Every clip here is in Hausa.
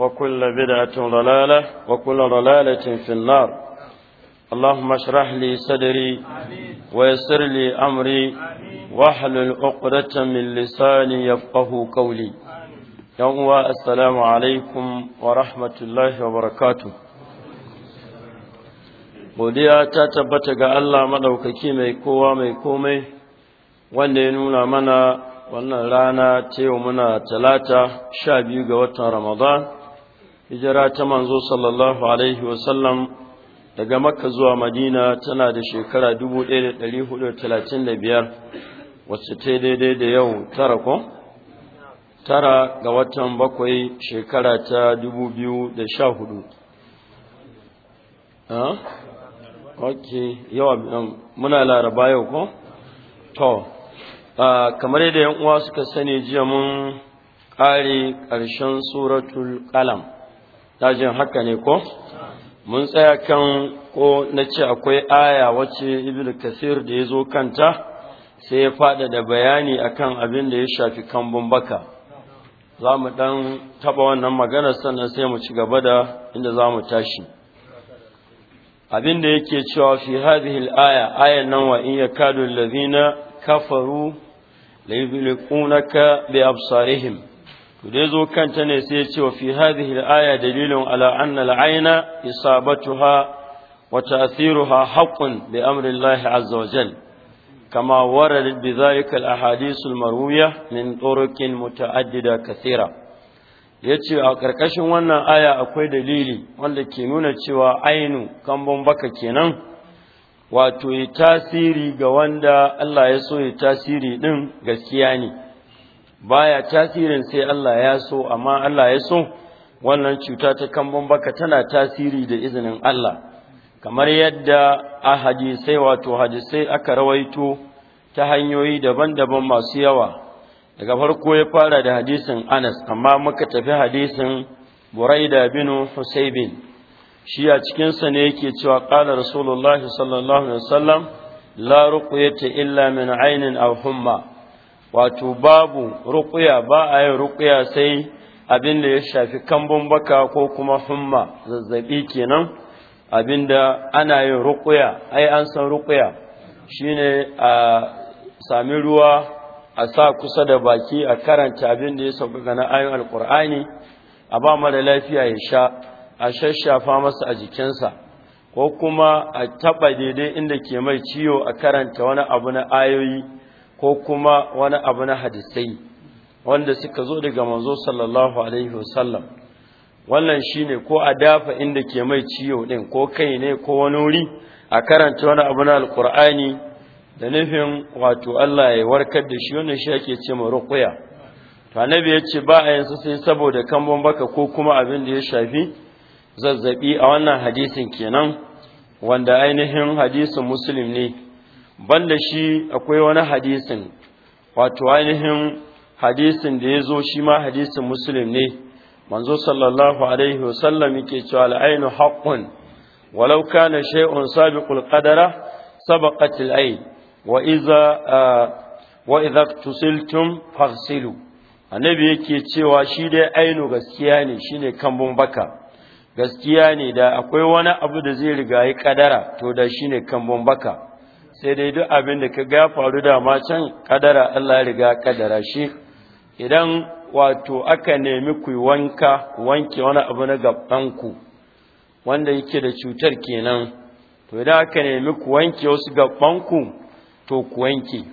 وكل بدعة ضلالة وكل ضلالة في النار اللهم اشرح لي صدري ويسر لي أمري واحلل عقدة من لساني يفقه قولي يوم السلام عليكم ورحمة الله وبركاته godiya ta tabbata ga Allah maɗaukaki mai kowa mai komai wanda ya nuna mana wannan rana ta yau muna talata sha biyu ga watan Ramadan hijira ta manzo sallallahu alaihi wasallam daga makka zuwa madina tana da shekara 1435 wacce ta daidai da yau tara ko tara ga watan bakwai shekara ta 2014 Ah, ok yawa um, muna laraba yau ko to kamar yadda yan uwa suka sani jiya mun ƙare ƙarshen suratul qalam na jin haka ne ko mun tsaya kan ko na ce akwai aya wacce ibn kasir da ya zo kanta sai ya fada da bayani akan abin da ya shafi kambun baka za mu ɗan taɓa wannan maganar sannan sai mu ci gaba da inda za mu tashi abin da yake cewa fi hadhihi aya ayan nan wa in yakadu allazina kafaru la ka bi absarihim to dai zo kanta ne sai ya ce wa fi hadhihi al-aya dalilun ala anna al-ayna isabatuha wa ta'thiruha haqqun bi amri Allah azza wa jal kama warada bi dhalika al-ahadith al-marwiya min turukin muta'addida kathira yace a karkashin wannan aya akwai dalili wanda ke nuna cewa ainu kambon baka kenan wato yi tasiri ga wanda Allah ya so yi tasiri din gaskiya ne baya tasirin sai Allah ya so amma Allah ya so wannan cuta ta kambon baka tana tasiri da izinin Allah kamar yadda a hadisai wato hadisai aka rawaito ta hanyoyi daban-daban masu yawa daga farko ya fara da hadisin Anas amma muka tafi hadisin Buraida bin Husaybin shi a cikin sa ne yake cewa qala rasulullahi sallallahu alaihi wasallam la ruqyata illa min aynin aw humma wato babu ruƙuya ba a yin ruƙuya sai abin da ya shafi kambun baka ko kuma humma zazzabi kenan abin da ana yin ruƙuya ai an san ruƙuya shine a sami ruwa a sa kusa da baki a karanta abin da ya sauƙaƙa na ayon alƙur'ani a ba mara lafiya ya sha a shashafa masa a jikinsa ko kuma a taɓa daidai inda ke mai ciwo a karanta wani abu na ayoyi ko kuma wani abu na hadisai wanda suka zo daga manzo sallallahu alaihi wasallam wannan shine ko a dafa inda ke mai ciwo din ko kai ne ko wani wuri a karanta wani abu na alqur'ani da nufin wato Allah ya warkar da shi wannan shi ake ce ma ruqya to annabi yace ba a yin sai saboda kambon baka ko kuma abin da ya shafi zazzabi a wannan hadisin kenan wanda ainihin hadisin muslim ne banda shi akwai wani hadisin wato ainihin hadisin da ya zo shi ma hadisin muslim ne manzo sallallahu alaihi wasallam yake cewa al'ainu haqqun walau kana shay'un sabiqul qadara sabaqat al'ain wa idza wa idza tusiltum faghsilu annabi yake cewa shi dai ainu gaskiya ne shine kambun baka gaskiya ne da akwai wani abu da zai rigayi kadara to da shine kambun baka sai dai duk abin da ka ga faru da, ma can kadara Allah ya riga kadara shi idan wato aka nemi ku wanka wanke wani abu na gabanku wanda yake da cutar kenan to idan aka nemi ku wanke wasu gabanku to ku wanke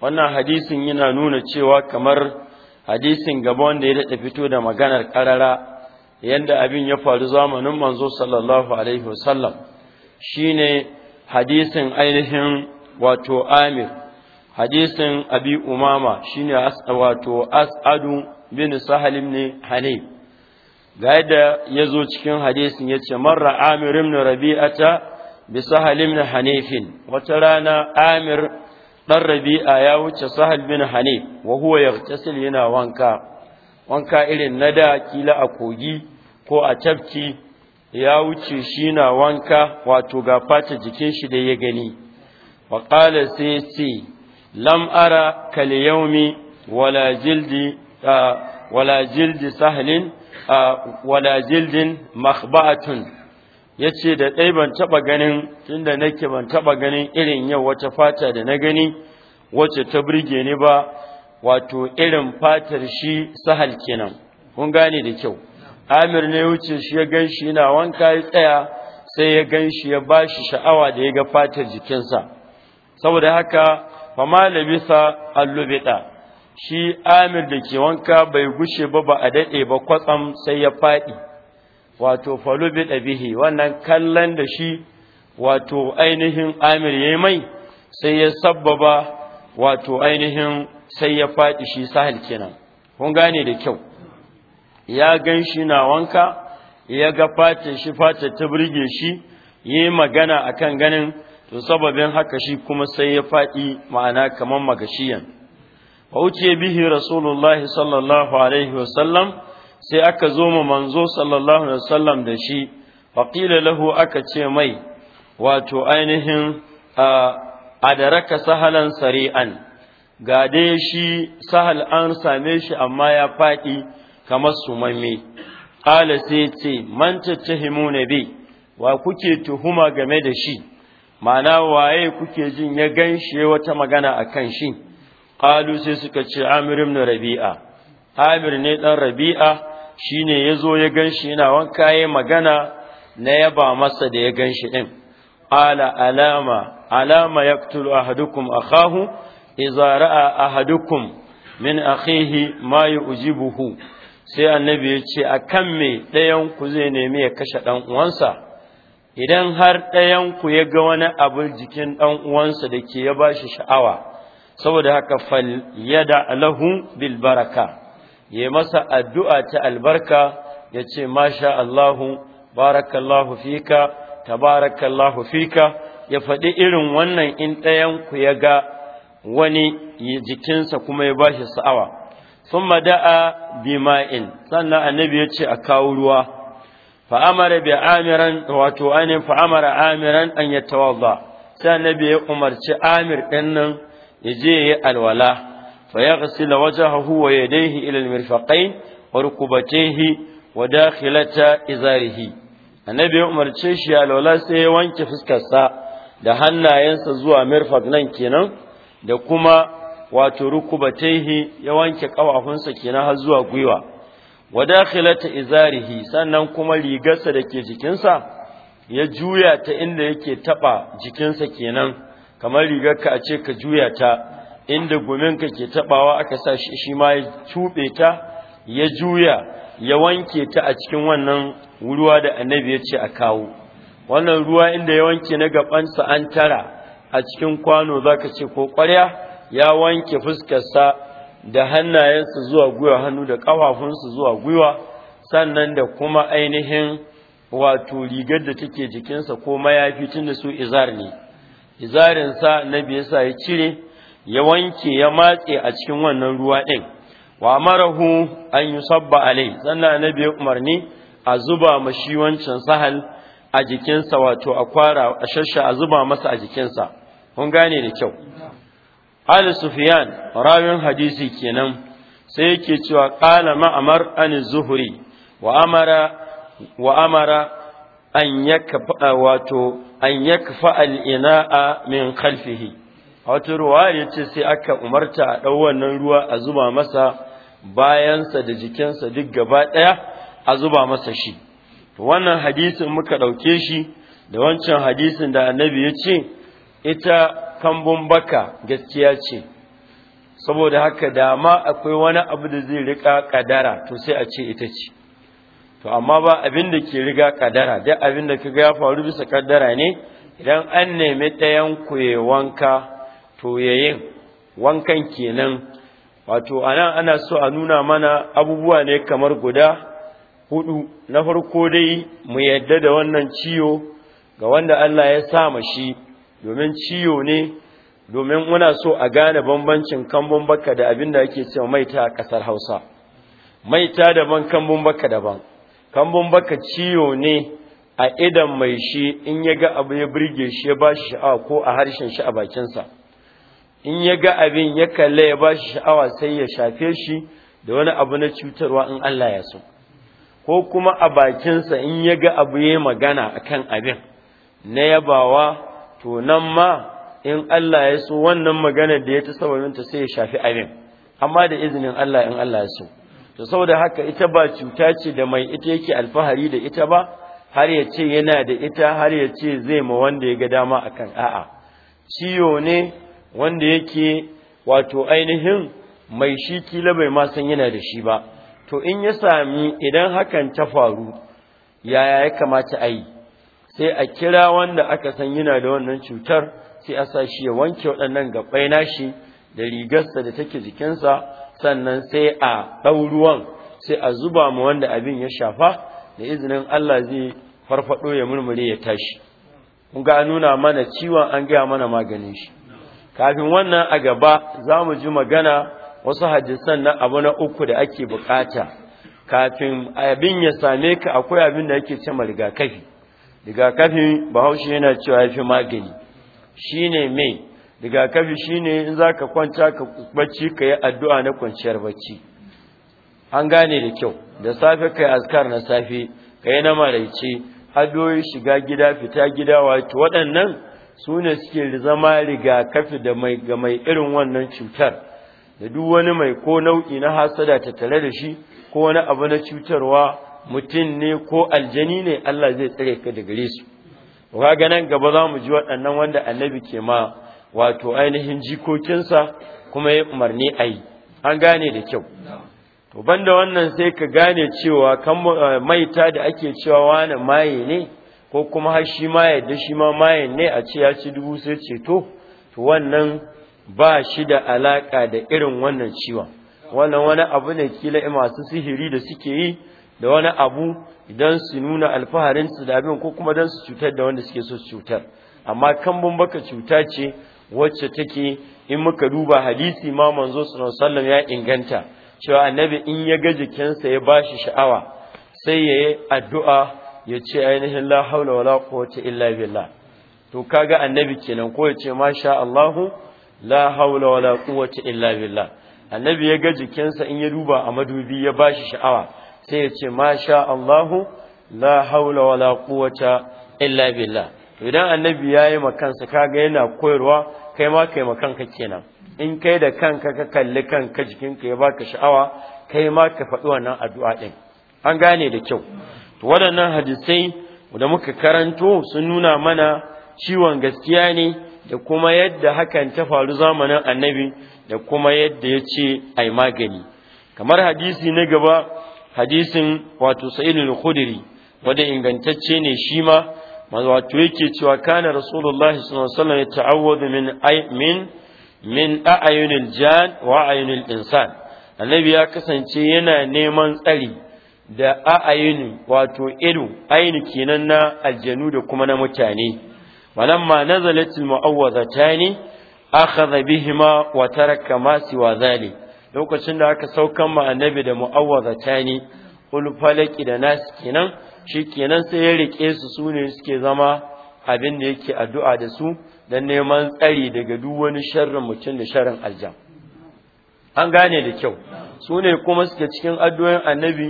wannan hadisin yana nuna cewa kamar hadisin gaba wanda ya daɗa fito da maganar karara yadda abin ya faru zamanin manzo sallallahu alaihi wasallam shine hadisin ainihin wato amir hadisin abi umama shine wato as'adu bin sahalim ne hane. ga yadda ya zo cikin hadisin ya ce marra amir ibn rabi'ata bi sahalim ibn hanifin wata rana amir dan rabi'a ya wuce sahal bin hanif wa huwa yaghtasil yana wanka wanka irin na da kila a kogi ko a tafki ya wuce shi na wanka wato ga fata jikin shi da ya gani wa qala sai ce lam ara kal yawmi wala jildi wala jildi sahlin wala jildin makhba'atun yace da dai ban taba ganin tunda nake ban taba ganin irin yau wata fata da na gani wacce ta burge ni ba wato irin fatar shi sahal kenan kun gane da kyau amir ne wuce shi ya gan shi yana wanka ya tsaya sai ya gan shi ya ba shi sha'awa da ya ga fatar jikinsa saboda haka ma labisa allubita shi amir da ke wanka bai gushe ba ba a daɗe ba kwatsam sai ya faɗi wato falubita bihi wannan kallon da shi wato ainihin amir ya yi mai sai ya sabbaba wato ainihin sai ya faɗi shi sahil kenan kun gane da kyau ya gan shi na wanka ya ga fata shi fata ta burge shi yi magana a kan ganin to sababin haka shi kuma sai ya faɗi ma'ana kamar magashiyan Ba wuce bihi rasulullah sallallahu alaihi wasallam sai aka zo ma manzo sallallahu alaihi wasallam da shi faƙila lahu aka ce mai wato ainihin a adaraka sahalan sari'an ga dai shi sahal an same shi amma ya faɗi kamar su sumamme qala sai ce man tattahimuna bi wa kuke tuhuma game da shi ma'ana waye kuke jin ya ganshe wata magana akan shi qalu sai suka ce amir ibn rabi'a amir ne ɗan rabi'a shine yazo ya ganshi yana wanka yayi magana na yaba masa da ya ganshi din ala alama alama yaqtulu ahadukum akahu idza ra'a ahadukum min akhihi ma yu'jibuhu sai annabi ya ce a kan me ɗayanku zai nemi ya kashe ɗan uwansa idan har ɗayanku ya ga wani abu jikin ɗan uwansa da ke ya ba shi sha'awa saboda haka fal yada alahu bil baraka ya masa addu'a ta albarka ya ce masha Allahu barakallahu fika tabarakallahu fika ya faɗi irin wannan in ɗayanku ya ga wani jikinsa kuma ya ba shi sa'awa thumma da'a bima'in sannan annabi ya ce a kawo ruwa fa amara bi amiran wato anin fa amiran an yatawadda sai annabi ya umarci amir ɗin nan ya je yi alwala fa ya yaghsil wajhahu wa yadayhi ila almirfaqain wa rukbatayhi wa dakhilata izarihi annabi ya umarce shi alwala sai ya wanke fuskarsa da hannayensa zuwa mirfaq nan kenan da kuma wato rukubataihi ya wanke kawafinsa kenan har zuwa gwiwa wa dakhilata izarihi sannan kuma rigarsa da ke jikinsa ya juya ta inda yake taba jikinsa kenan kamar rigarka a ce ka juya ta inda ka ke tabawa aka sa shi shi ma ya tube ta ya juya ya wanke ta a cikin wannan ruwa da annabi ya ce a kawo wannan ruwa inda ya wanke na gabansa an tara a cikin kwano zaka ce ko ƙwarya ya wanke fuskarsa da hannayensa zuwa gwiwa hannu da ƙafafunsa zuwa gwiwa sannan da kuma ainihin wato rigar da take jikinsa ko mayafi da su izar ne izarinsa na sa ya cire ya wanke ya matse a cikin wannan ruwa ɗin wa marahu an yi sabba alai sannan na biya umarni a zuba ma shi wancan sahal a jikinsa wato a kwara a shasha a zuba masa a jikinsa kun gane da kyau Ali sufiyan rawin hadisi kenan sai yake cewa ƙala ma'amar an zuhuri wa amara wa amara an wato an fa'al al-ina'a min kalfihi a wata ruwa ya ce sai aka umarta a ɗau wannan ruwa a zuba masa bayansa da jikinsa duk gaba ɗaya a zuba masa shi wannan hadisin muka ɗauke shi da wancan hadisin da annabi ya ce ita kambun baka gaskiya ce saboda haka dama akwai wani abu da zai rika kadara to sai a ce ita ce to amma ba abin da ke riga kadara dai abin da kaga ya faru bisa kadara ne idan an nemi ɗayan ku ya wanka to yayin wankan kenan wato anan ana so a nuna mana abubuwa ne kamar guda hudu na farko dai mu yadda da wannan ciwo ga wanda Allah ya sa ma shi domin ciyo ne domin muna so a gane bambancin kambun baka da abin da ake cewa maita a ƙasar Hausa maita daban kambun baka daban kambun baka ciyo ne a idan mai shi in ya ga abu ya birge shi ya ba shi sha'awa ko a harshen shi a bakinsa in ya ga abin ya kalle ya ba shi sha'awa sai ya shafe shi da wani abu na cutarwa in Allah ya so ko kuma a bakinsa in ya ga abu ya magana akan abin na yabawa to nan ma in Allah ya so wannan maganar da ya ta ta sai ya shafi abin amma da izinin Allah in Allah ya so to saboda haka ita ba cuta ce da mai ita yake alfahari da ita ba har ya ce yana da ita har ya ce zai ma wanda ya ga dama akan a'a ciwo ne wanda yake wato ainihin mai shi kila bai ma san yana da shi ba to in ya sami idan hakan ta faru yaya ya kamata a yi sai a kira wanda aka san yana da wannan cutar sai a sa shi ya wanke waɗannan gabai nashi da rigarsa da take jikinsa sannan sai a ɗau ruwan sai a zuba mu wanda abin ya shafa da izinin Allah zai farfaɗo ya murmure ya tashi kun ga nuna mana ciwon an gaya mana maganin shi kafin wannan a gaba za mu ji magana wasu hadisan na abu na uku da ake bukata kafin abin ya same ka akwai abin da ake ce rigakafi rigakafi bahaushe yana cewa ya fi magani shi ne mai rigakafi shi ne in za ka kwanta ka bacci ka yi addu'a na kwanciyar bacci an gane da kyau da safe ka yi askar na safe ka yi na maraice addu'o'i shiga gida fita gida wato waɗannan su ne suke zama rigakafi da ga mai irin wannan cutar da duk wani mai ko nau'i na hasada ta tare da shi ko wani abu na cutarwa mutum ne ko aljani ne Allah zai tsare ka daga gare su kaga nan gaba za mu ji waɗannan wanda annabi ke ma wato ainihin jikokinsa kuma ya umarni a yi an gane da kyau to banda wannan sai ka gane cewa kan eh, maita da ake cewa wani maye ne ko kuma har shi ma yadda shi ma maye ne a ce ya ci dubu sai ceto to wannan ba shi da alaka da irin wannan ciwon wannan wani abu ne kila masu sihiri da suke yi da wani abu idan su nuna alfaharin su da abin ko kuma dan su cutar da wanda suke so su cutar amma kambun baka cuta ce wacce take in muka duba hadisi ma manzo sallallahu alaihi ya inganta cewa annabi in ya ga jikinsa ya bashi sha'awa sai ya yi addu'a ya ce ainihin la haula wala quwwata illa billah to kaga annabi kenan ko ya ce masha Allahu la haula wala quwwata illa billah annabi ya ga jikinsa in ya duba a madubi ya bashi sha'awa sai ya ce masha Allahu la haula wala quwwata illa billah idan annabi yayi kansa, kaga yana koyarwa kai ma kai makanka kenan in kai da kanka ka kalli kanka jikinka ya baka sha'awa kai ma ka faɗi wannan addu'a din an gane da kyau to waɗannan hadisai da muka karanto sun nuna mana ciwon gaskiya ne da kuma yadda hakan ta faru zamanin annabi da kuma yadda ya ce ai magani kamar hadisi na gaba hadisin wato sa'id khudri wanda ingantacce ne shi ma wato yake cewa kana rasulullahi sallallahu alaihi wasallam min ay min min a'yunil jan wa a'yunil insan annabi ya kasance yana neman tsari da a'ayun wato ido aini kenan na aljanu da kuma na mutane walamma nazalat al-mu'awwadhatani akhadha bihima wa taraka ma siwa dhalik lokacin da aka saukan ma annabi da mu'awwazatani ul falaki da nas kenan shikenan sai ya rike su sune suke zama abin da yake addu'a da su dan neman tsari daga duk wani sharrin mutum da sharrin aljan an gane da kyau sune kuma suke cikin addu'o'in annabi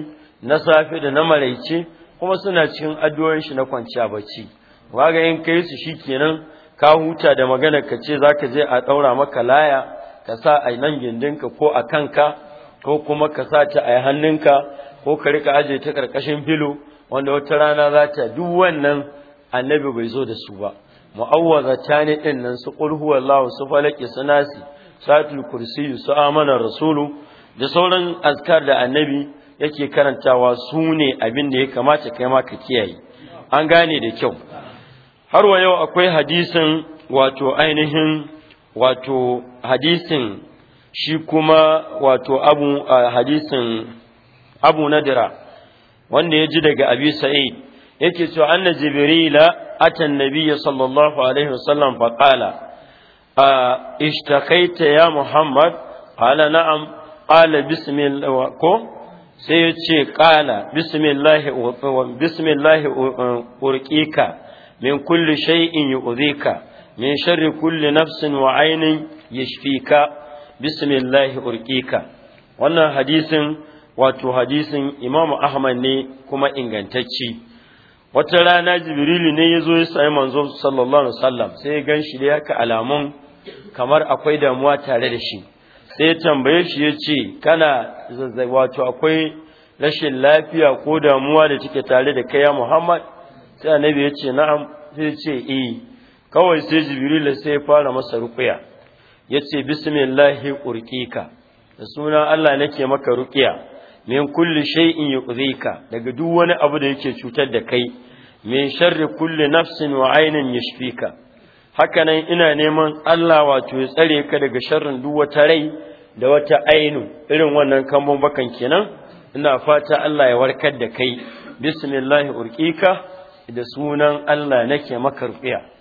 na safe da na maraice kuma suna cikin addu'o'in shi na kwanciya bacci waga in kai su kenan ka huta da magana ka ce zaka je a daura maka laya ka sa a nan gindinka ko a kanka ko kuma ka sa ta a hannunka ko ka rika aje ta karkashin filo wanda wata rana za ta duk wannan annabi bai zo da su ba mu'awwaza ta ne din nan su qul huwallahu su falaki su nasi satul kursi su amana rasulu da sauran azkar da annabi yake karantawa su ne abin da ya kamata kai ma ka kiyaye an gane da kyau har wa yau akwai hadisin wato ainihin wato hadisin shi kuma wato abu hadisin abu nadira wanda ya ji daga abi sa'id yake so anna jibrila atan nabiyya sallallahu alaihi wasallam fa ishtaqaita ya muhammad qala na'am qala bismillah ko sai ya ce qala bismillah bismillah urqika min kulli shay'in yu'dhika min sharri kulli nafsin wa ainin yashfika bismillahi urqika wannan hadisin wato hadisin Imam Ahmad ne kuma ingantacci wata rana Jibrilu ne ya zo ya sami manzo sallallahu alaihi wasallam sai ya gan shi da yaka alamun kamar akwai damuwa tare da shi sai ya tambaye shi ya ce kana zazzabi wato akwai rashin lafiya ko damuwa da take tare da kai ya Muhammad sai annabi ya ce na'am sai ya ce eh kawai sai jibril sai ya fara masa ruqiya yace bismillahi urqika da suna Allah nake maka ruqiya min kulli shay'in yuqzika daga duk wani abu da yake cutar da kai min sharri kulli nafsin wa aynin yashfika haka nan ina neman Allah wato ya tsare ka daga sharrin duk wata rai da wata ainu irin wannan kambon bakan kenan ina fata Allah ya warkar da kai bismillahi urqika da sunan Allah nake maka ruqiya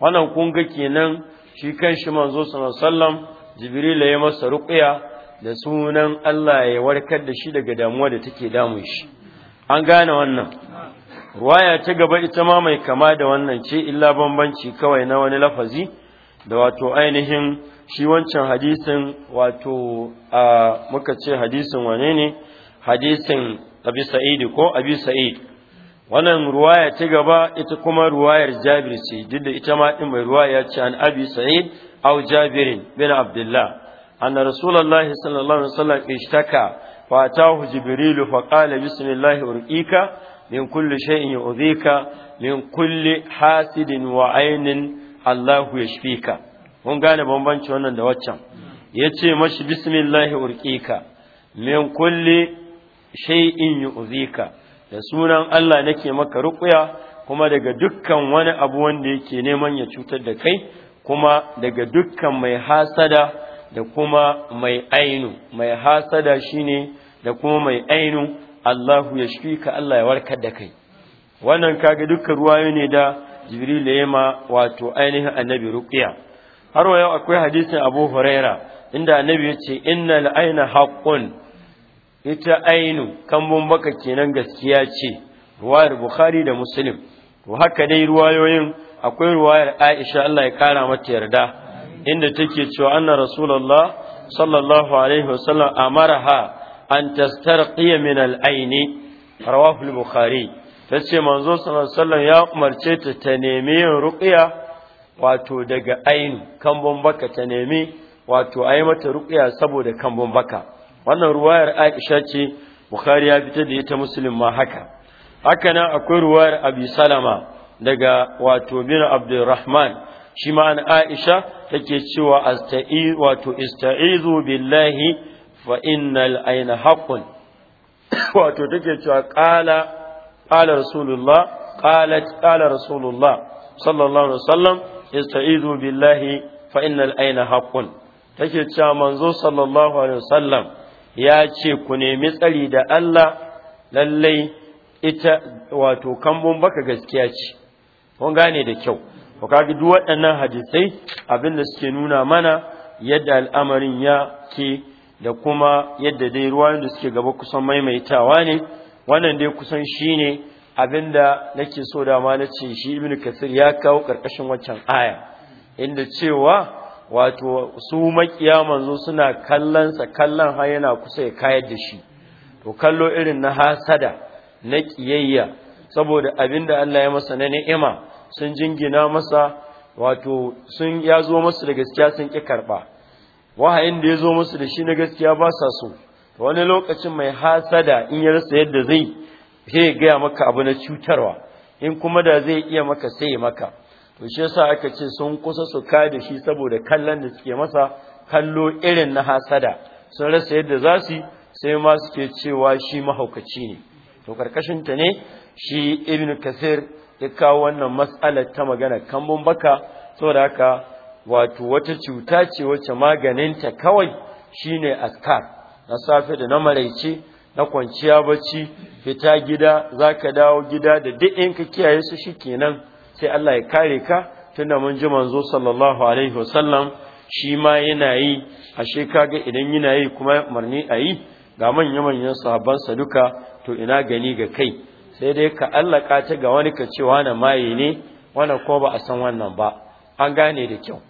wannan kun kenan shi kan shi manzo sallallahu alaihi wasallam jibril ya masa ruqya da sunan Allah ya warkar da shi daga damuwa da take damun shi an gane wannan ruwaya ta gaba ita ma mai kama da wannan ce illa bambanci kawai na wani lafazi da wato ainihin shi wancan hadisin wato a muka ce hadisin wane ne hadisin abi sa'id ko abi sa'id wannan ruwaya ta gaba ita kuma ruwayar Jabir ce duk da ita ma din mai ruwaya ce an Abi Sa'id aw Jabir bin Abdullah anna rasulullahi sallallahu alaihi wasallam ishtaka fa atahu Jibril fa qala bismillah urqika min kulli shay'in yu'dhika min kulli hasidin wa aynin Allahu yashfika mun gane bambanci wannan da waccan yace mashi bismillah urqika min kulli shay'in yu'dhika da sunan Allah nake maka rukuya kuma daga dukkan wani abu wanda yake neman ya cutar da kai kuma daga dukkan mai hasada da kuma mai ainu mai hasada shine da kuma mai ainu Allahu ya ka Allah ya warkar da kai wannan kaga dukkan ruwayo ne da Jibril ya ma wato ainihin annabi ruqya har wa yau akwai hadisin Abu Huraira inda annabi ya ce innal aina haqqun ita ainu kambun baka kenan gaskiya ce ruwayar bukhari da muslim to haka dai ruwayoyin akwai ruwayar aisha Allah ya kara mata yarda inda take cewa anna rasulullah sallallahu alaihi wasallam ha an tastarqiya min al-aini rawahu al-bukhari tace manzo sallallahu ya umarce ta ta nemi yin ruqya wato daga ainu kambun baka ta nemi wato ayi mata ruqya saboda kambun baka wannan ruwayar Aisha ce Bukhari ya fitar da ita Muslim ma haka haka nan akwai ruwayar Abi Salama daga wato bin Abdurrahman shi ma an Aisha take cewa asta'i wato ista'izu billahi fa innal ayna haqqun wato take cewa qala qala rasulullah qalat qala rasulullah sallallahu alaihi wasallam ista'izu billahi fa innal ayna haqqun take cewa manzo sallallahu alaihi wasallam ya ce ku nemi tsari da Allah lallai ita wato kambun baka gaskiya ce kun gane da kyau ku kaga duk waɗannan hadisai abin da suke nuna mana yadda al'amarin ya ke da kuma yadda dai ruwan da suke gaba kusan maimaitawa ne wannan dai kusan shine abin da nake so da ma na ce shi ibnu kasir ya kawo ƙarƙashin waccan aya inda cewa wato su makiya manzo suna kallonsa kallon har yana kusa ya kayar da shi to kallo irin na hasada na ƙiyayya saboda abin da Allah ya masa na ni'ima sun jingina masa wato sun ya zo musu da gaskiya sun ƙi karɓa wahayin da ya zo musu da shi na gaskiya ba sa so wani lokacin mai hasada in ya rasa yadda zai sai gaya maka abu na cutarwa in kuma da zai iya maka sai maka to shi yasa aka ce sun kusa su ka da shi saboda kallon da suke masa kallo irin na hasada sun rasa yadda za su sai ma suke cewa shi mahaukaci ne to karkashin ta ne shi ibnu kasir ya kawo wannan matsalar ta magana kambun baka saboda haka wato wata cuta ce wacce maganinta kawai shine askar na safe da na maraice na kwanciya bacci fita gida zaka dawo gida da duk in ka kiyaye su shikenan sai Allah ya kare ka tunda mun ji manzo sallallahu alaihi wasallam shi ma yana yi ashe kaga idan yana yi kuma marni a yi ga manya manyan sahabban sa duka to ina gani ga kai sai dai ka allaka ta ga wani ka ce wani maye ne wani ko ba a san wannan ba an gane da kyau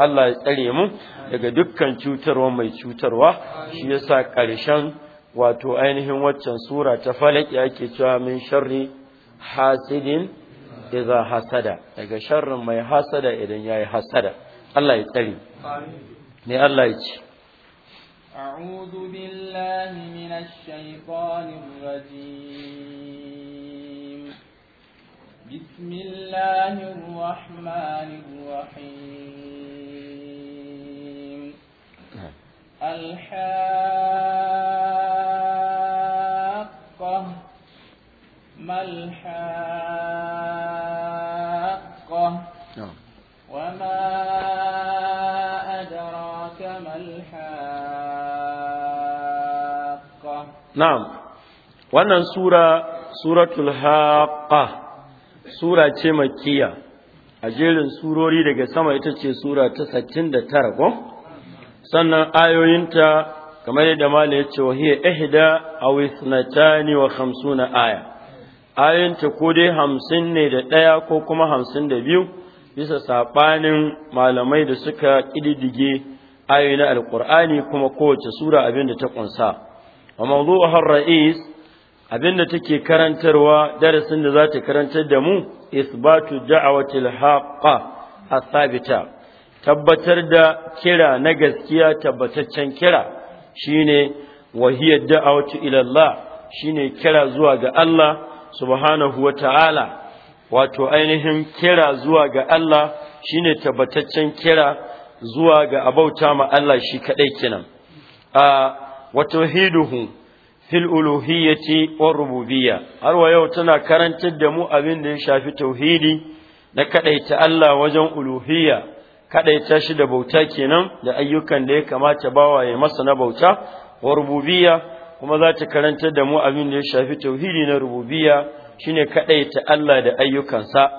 Allah ya tsare mu daga dukkan cutarwa mai cutarwa shi yasa karshen wato ainihin waccan sura ta falaki ake cewa min sharri hasidin idza hasada daga sharrin mai hasada idan yayi hasada Allah ya tsare ne Allah ya ce أعوذ بالله من الشيطان الرجيم بسم الله الرحمن الرحيم الحمد ما الحاقة وما أدراك ما الحاقة نعم wannan sura suratul haqqa sura ce a jerin surori daga sama ita ce sura ta Tara, ko sannan ayoyinta kamar yadda mala ya ce wa hiya ihda aw ithnatani wa khamsuna aya Ayanta ko dai hamsin ne da ɗaya ko kuma hamsin da biyu bisa saɓanin malamai da suka ƙididdige ayoyi na alƙur'ani kuma kowace sura abin da ta ƙunsa a mawdu'uhar ra'is abin da take karantarwa darasin da za ta karantar da mu isbatu da'awatil haqqa a sabita tabbatar da kira na gaskiya tabbataccen kira shine wahiyar da'awatu ila Allah shine kira zuwa ga Allah subhanahu wa ta'ala wato ainihin kira zuwa ga Allah shine tabbataccen kira zuwa ga abauta ma Allah shi kaɗai kenan a wato hiduhu fil uluhiyyati wa rububiyya har wa yau tana karantar da mu abin da ya shafi tauhidi na kaɗaita Allah wajen uluhiyya kaɗaita shi da bauta kenan da ayyukan da ya kamata bawa ya masa na bauta wa rububiyya kuma za ta karantar da mu abin da ya shafi tauhidi na rububiya shine kadaita Allah da ayyukansa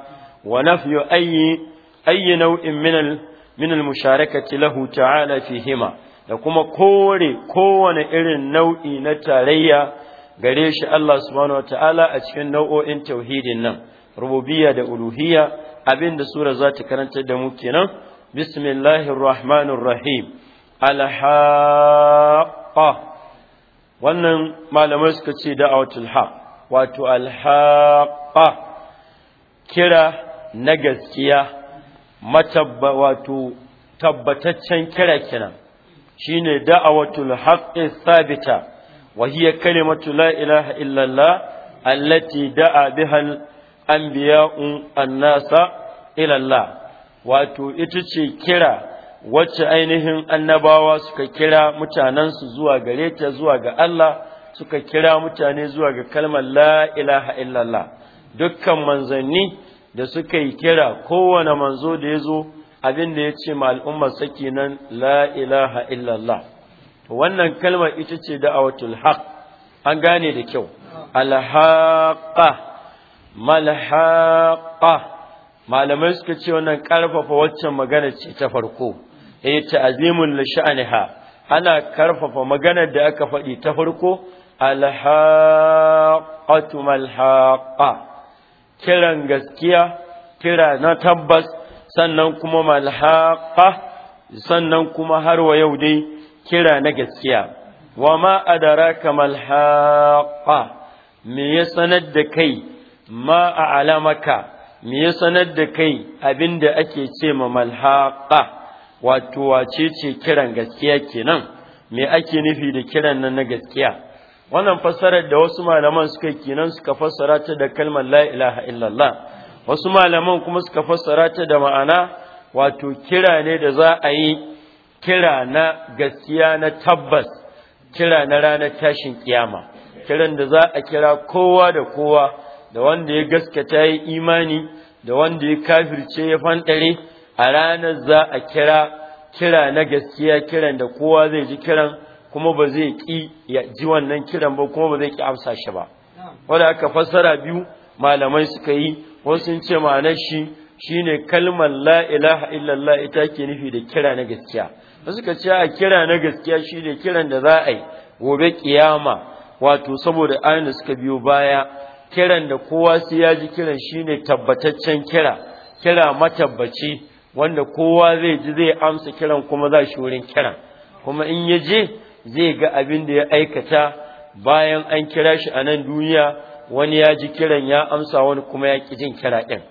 wa nafyu ayyi ayyi nau'in min al min al musharakati lahu ta'ala fihima da kuma kore kowane irin nau'i na tarayya gare shi Allah subhanahu wa ta'ala a cikin nau'o'in tauhidin nan rububiya da uluhiyya abin da sura za ta karantar da mu kenan bismillahir rahmanir rahim al wannan malamai suka ce da'awatul haq wato alhaqa kira na gaskiya matabba wato tabbataccen kira kenan shine da'awatul haqqi thabita wa hiya kalimatu la ilaha illa Allah allati da'a biha al-anbiya'u an-nasa ila Allah wato ita ce kira wacce ainihin annabawa suka kira mutanensu zuwa gare ta zuwa ga Allah suka kira mutane zuwa ga kalmar la ilaha illallah dukkan manzanni da suka yi kira kowane manzo da ya zo abin da ya ce ma al'ummar nan, la ilaha illallah wannan kalmar ita ce da'awatul haq an gane da kyau alhaqa malhaqa malamai suka ce wannan ƙarfafa waccan magana ce ta farko eh ta'zimun li ana karfafa maganar da aka faɗi ta farko alhaƙatu malhaƙa. kiran gaskiya kira na tabbas sannan kuma malhaƙa sannan kuma har wa yau dai kira na gaskiya wa ma adaraka malhaqa me ya sanar da kai ma a alamaka me ya sanar da kai abinda ake ce ma malhaƙa? wato wace ce kiran gaskiya kenan me ake nufi da kiran nan na gaskiya wannan fassarar da wasu malaman suka kenan suka fassara ta da kalmar la ilaha illallah wasu malaman kuma suka fassara ta da ma'ana wato kira ne da za a yi kira na gaskiya na tabbas kira na ranar tashin kiyama kiran da za a kira kowa da kowa da wanda ya gaskata ya imani da wanda ya kafirce ya fanɗare a ranar za a kira kira na gaskiya kiran da kowa zai ji kiran kuma ba zai ki ya ji wannan kiran ba kuma ba zai ki amsa shi ba wanda aka fassara biyu malamai suka yi wasu sun ce ma'anar shi shine kalmar la ilaha illallah ita ke nufi da kira na gaskiya da suka ce a kira na gaskiya shine kiran da za a yi gobe kiyama wato saboda ayin suka biyo baya kiran da kowa sai ya ji kiran shine tabbataccen kira kira matabbaci wanda kowa zai ji zai amsa kiran kuma za shi wurin kiran kuma in ya je zai ga abin da ya aikata bayan an kira shi a nan duniya wani ya ji kiran ya amsa wani kuma ya ƙi jin kira ɗin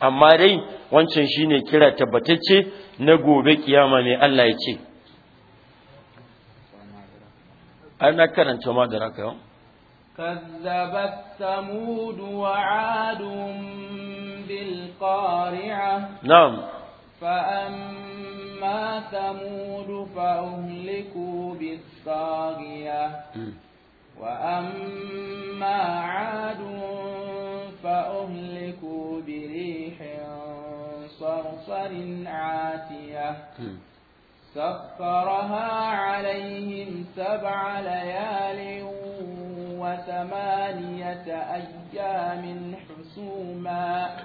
amma dai wancan shi ne kira tabbatacce na gobe kiyama mai Allah ya ce ana karanta ma da raka yau كذبت ثمود وعاد بالقارعة فأما ثمود فأهلكوا بالطاغية وأما عاد فأهلكوا بريح صرصر عاتية سخرها عليهم سبع ليال وثمانية أيام حسوما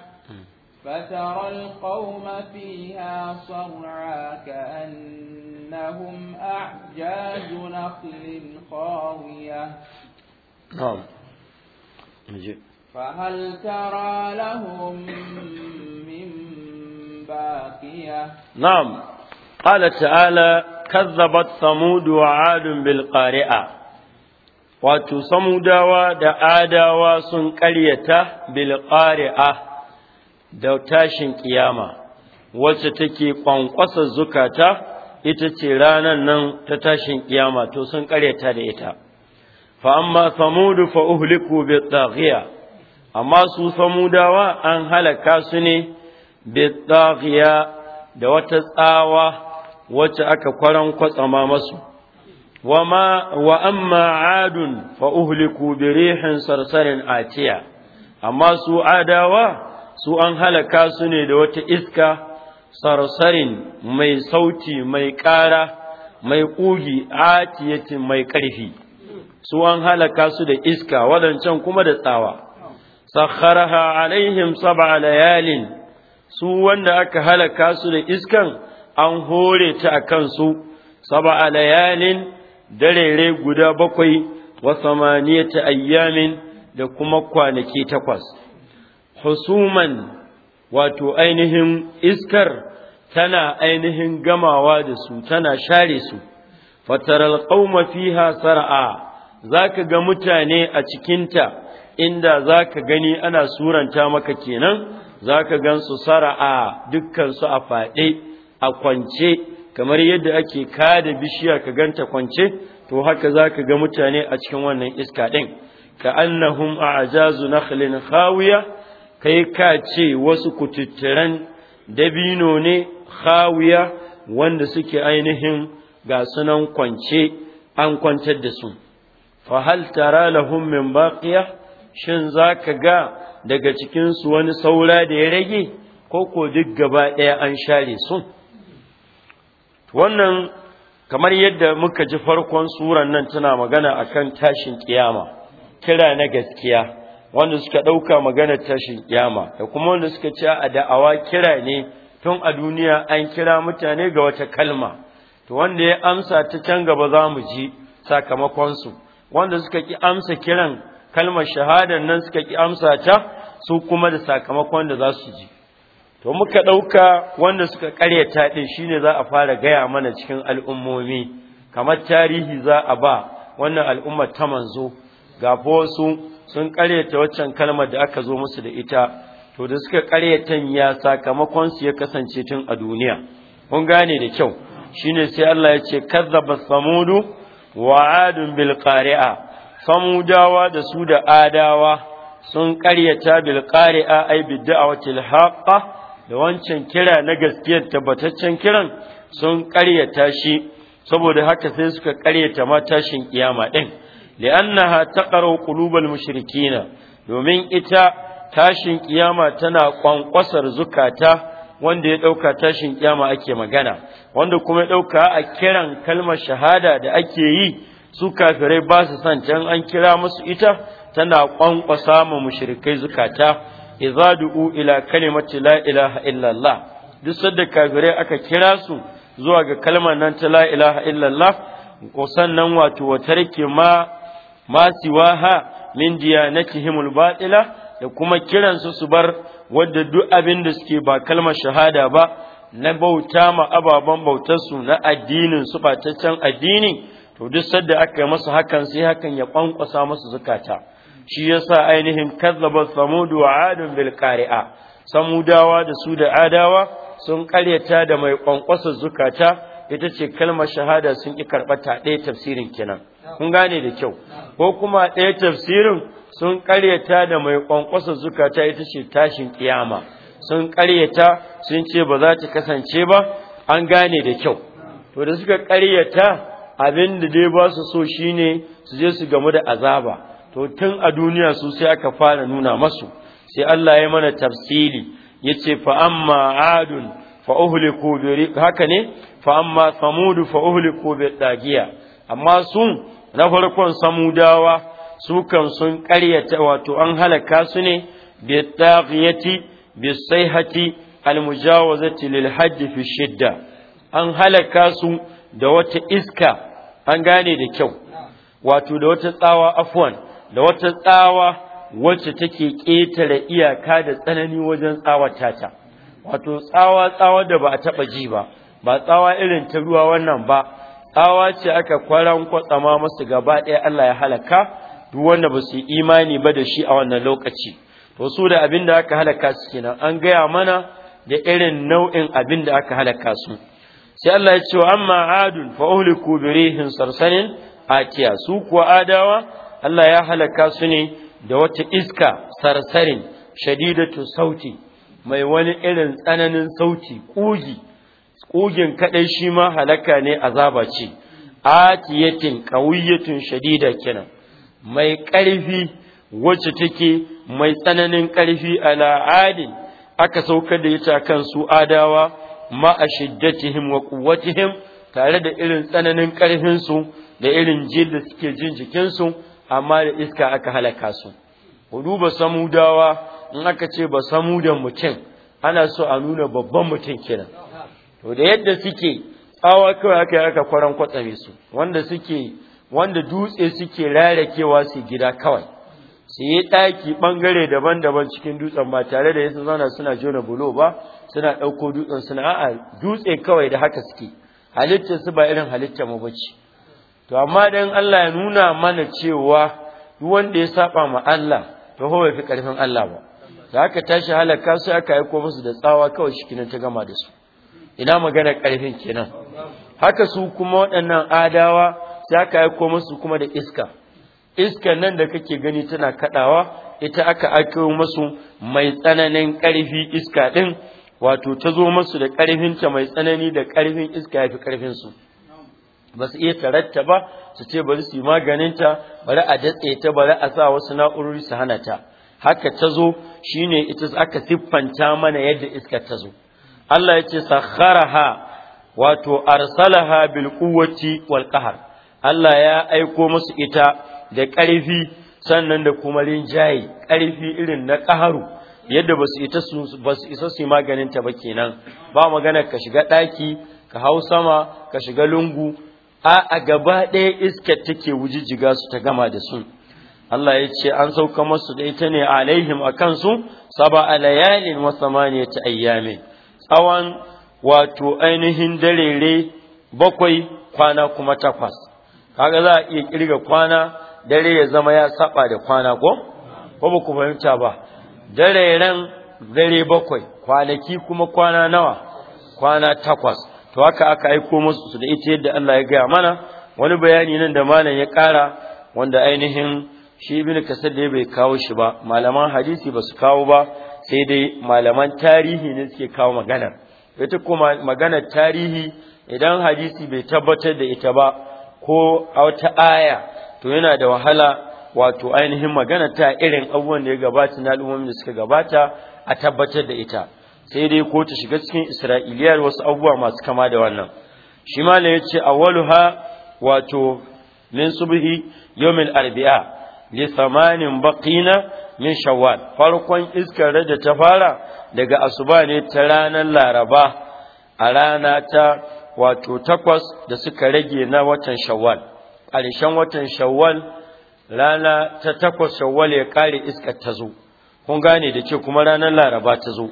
فترى القوم فيها صرعا كأنهم أعجاز نخل خاوية نعم فهل ترى لهم من باقية نعم قال تعالى كذبت ثمود وعاد بالقارئة وتصمدوا دعادوا da بالقارئه da tashin ƙiyama. wacce take kwankwasa zukata ita ce ranan nan ta tashin ƙiyama to sun karyata da ita fa amma samudu fa uhliku bi taghiya amma su samudawa an halaka su ne bi taghiya da wata tsawa wacce aka kwaran kwatsama masu wa amma adun fa uhliku bi rihin sarsarin atiya amma su adawa su an halaka su ne da wata iska sarsarin mai sauti mai ƙara mai ƙugi atiyatin mai ƙarfi su an halaka su da iska wadancan kuma da tsawa sakharaha alaihim sab'a layalin su wanda aka halaka su da iskan an hore ta a su sab'a layalin darere guda bakwai wa samaniyata ayyamin da kuma kwanaki takwas husuman wato ainihin iskar tana ainihin gamawa da su tana share su fataral qauma fiha sar'a zaka ga mutane a cikinta inda zaka gani ana suranta maka kenan zaka gansu sar'a dukkan su a fade a kwance kamar yadda ake kada bishiya ka ganta kwance to haka zaka ga mutane a cikin wannan iska din ka annahum a'jazu nakhlin khawiya kai ka ce wasu kututturan dabino ne khawiya wanda suke ainihin ga sunan kwance an kwantar da su fa hal tara lahum min baqiya shin zaka ga daga cikin su wani saura da ya rage ko ko duk gaba ɗaya an share su wannan kamar yadda muka ji farkon suran nan tana magana akan tashin kiyama kira na gaskiya wanda suka ɗauka maganar tashin kiyama da kuma wanda suka ce a da'awa kira ne tun a duniya an kira mutane ga wata kalma to wanda ya amsa ta can gaba za mu ji sakamakonsu wanda suka ki amsa kiran kalmar shahadar nan suka ki amsa ta su kuma da sakamakon da za su ji to muka ɗauka wanda suka ƙaryata ɗin shine za a fara gaya mana cikin al'ummomi kamar tarihi za a ba wannan al'ummar ta manzo ga wasu sun ƙaryata waccan kalmar da aka zo musu da ita to da suka ƙaryata ya sakamakon su ya kasance tun a duniya kun gane da kyau shine sai Allah ya ce kazzaba samudu wa adun bil qari'a samudawa da su da adawa sun ƙaryata bil qari'a ai bid da'watil haqqa da wancan kira na gaskiyar tabbataccen kiran sun ƙaryata shi saboda haka sai suka ƙaryata ma tashin kiyama din li'annaha taqaru qulubal mushrikina domin ita tashin kiyama tana kwankwasar zukata wanda ya dauka tashin kiyama ake magana wanda kuma ya dauka a kiran kalmar shahada da ake yi su kafirai ba su san can an kira musu ita tana kwankwasa ma mushrikai zukata idza du'u ila kalimati la ilaha illallah duk sadda kafirai aka kira su zuwa ga kalmar nan ta la ilaha ko sannan wato wa tarki ma ma ha min diyanatihim al-batila da kuma kiransu su bar wadda duk abin da suke ba kalmar shahada ba na bauta ma ababen su na addinin su bataccen addini to duk sadda aka yi masa hakan sai hakan ya kwankwasa masa zukata shi yasa ainihin kazzaba samudu wa adun bil qari'a samudawa da su da adawa sun karyata da mai kwankwasa zukata ita ce kalmar shahada sun ki karbata ɗaya tafsirin kenan kun gane da kyau ko kuma ɗaya tafsirin sun ƙaryata da mai ƙwanƙwasa zukata ita ce tashin ƙiyama sun ƙaryata sun ce ba za ta kasance ba an gane da kyau to da suka ƙaryata abin da dai ba su so shi ne su je su gamu da azaba to tun a duniya su sai aka fara nuna masu sai Allah ya mana tafsili yace fa amma adun fa uhliku haka ne fa amma Samudu fa uhliku bi amma sun na farkon samudawa su kan sun ƙaryata wato an halaka su ne bi taqiyati bi sayhati al mujawazati lil hajj fi shidda an halaka su da wata iska an gane da kyau wato da wata tsawa afwan da wata tsawa wacce take ƙetare iyaka da tsanani wajen tsawata ta wato tsawa tsawa da ba a taɓa ji ba ba tsawa irin ta ruwa wannan ba tsawa ce aka kwaran kwatsama masu gaba ɗaya Allah ya halaka duk wanda ba su imani ba da shi a wannan lokaci to su da abin da aka halaka su kenan an gaya mana da irin nau'in abin da aka halaka su sai Allah ya ce wa amma adun fa uhliku bi rihin sarsanin atiya su kuwa adawa Allah ya halaka su ne da wata iska sarsarin shadidatu sauti mai wani irin tsananin sauti kugi ƙugin kaɗai shi ma halaka ne azaba ce atiyatin ƙauyatun shadida kenan mai ƙarfi wacce take mai tsananin ƙarfi a la'adin, aka sauka da ita kan su adawa ma a wa quwwatihim tare da irin tsananin ƙarfinsu da irin jin suke jin jikinsu amma da iska aka halaka su Hudu ba samudawa in aka ce ba samudan mutum ana so a nuna babban mutum kenan to da yadda suke tsawa kawai aka yi aka kwaran kwatsame su wanda suke wanda dutse suke rarakewa su gida kawai su yi ɗaki ɓangare daban-daban cikin dutsen ba tare da yasin zauna suna jona bulo ba suna ɗauko dutsen suna a'a dutse kawai da haka suke halittar su ba irin halitta mu bace to amma dan Allah ya nuna mana cewa duk wanda ya saba ma Allah to ho bai fi karfin Allah ba da haka tashi halaka sai aka aiko musu da tsawa kawai shi ta gama da su ina magana ƙarfin kenan haka su kuma waɗannan adawa sai aka aiko musu kuma da iska iskan nan da kake gani tana kaɗawa ita aka aiko musu mai tsananin ƙarfi iska ɗin wato ta zo musu da ta mai tsanani da ƙarfin iska ya fi ƙarfinsu ba su iya taratta ba su ce bari su yi maganinta bari a datse ta bari a sa wasu na'urori su hana ta haka ta zo shine ita aka siffanta mana yadda iska ta zo Allah ya ce sakharaha wato arsalaha bil quwwati wal qahar Allah ya aiko musu ita da ƙarfi sannan da kuma rinjaye ƙarfi irin na ƙaharu yadda basu ita su basu isa su maganin ta ba kenan ba magana ka shiga ɗaki ka hau sama ka shiga lungu a a gaba ɗaya iska take wujijiga su ta gama da su Allah ya ce an sauka masu da ita ne alaihim a kansu saba alayalin layalin wa samaniyata ayyamin awan wato ainihin darere bakwai kwana kuma takwas kaga za a iya kirga kwana dare ya zama ya saba da kwana ko ko ba ku fahimta ba dareren dare bakwai kwanaki kuma kwana nawa kwana takwas to haka aka aiko musu su da ita yadda Allah ya gaya mana wani bayani nan da malam ya ƙara wanda ainihin shi ibn kasar da bai kawo shi ba malaman hadisi ba su kawo ba sai dai malaman tarihi ne suke kawo maganar ita kuma maganar tarihi idan hadisi bai tabbatar da ita ba ko wata aya to yana da wahala wato ainihin magana ta irin abubuwan da ya gabata na al'ummomin da suka gabata a tabbatar da ita sai dai ko ta shiga cikin isra'iliyar wasu abubuwa masu kama da wannan shi ma ya ce a awwaluha wato min subhi yomin arbi'a li samanin baqina min shawwal farkon iskar rajab ta fara daga asuba ne ta ranar laraba a rana ta wato takwas da suka rage na watan shawwal ƙarshen watan shawwal rana ta takwas shawwal ya kare iskar ta zo kun gane da ce kuma ranar laraba ta zo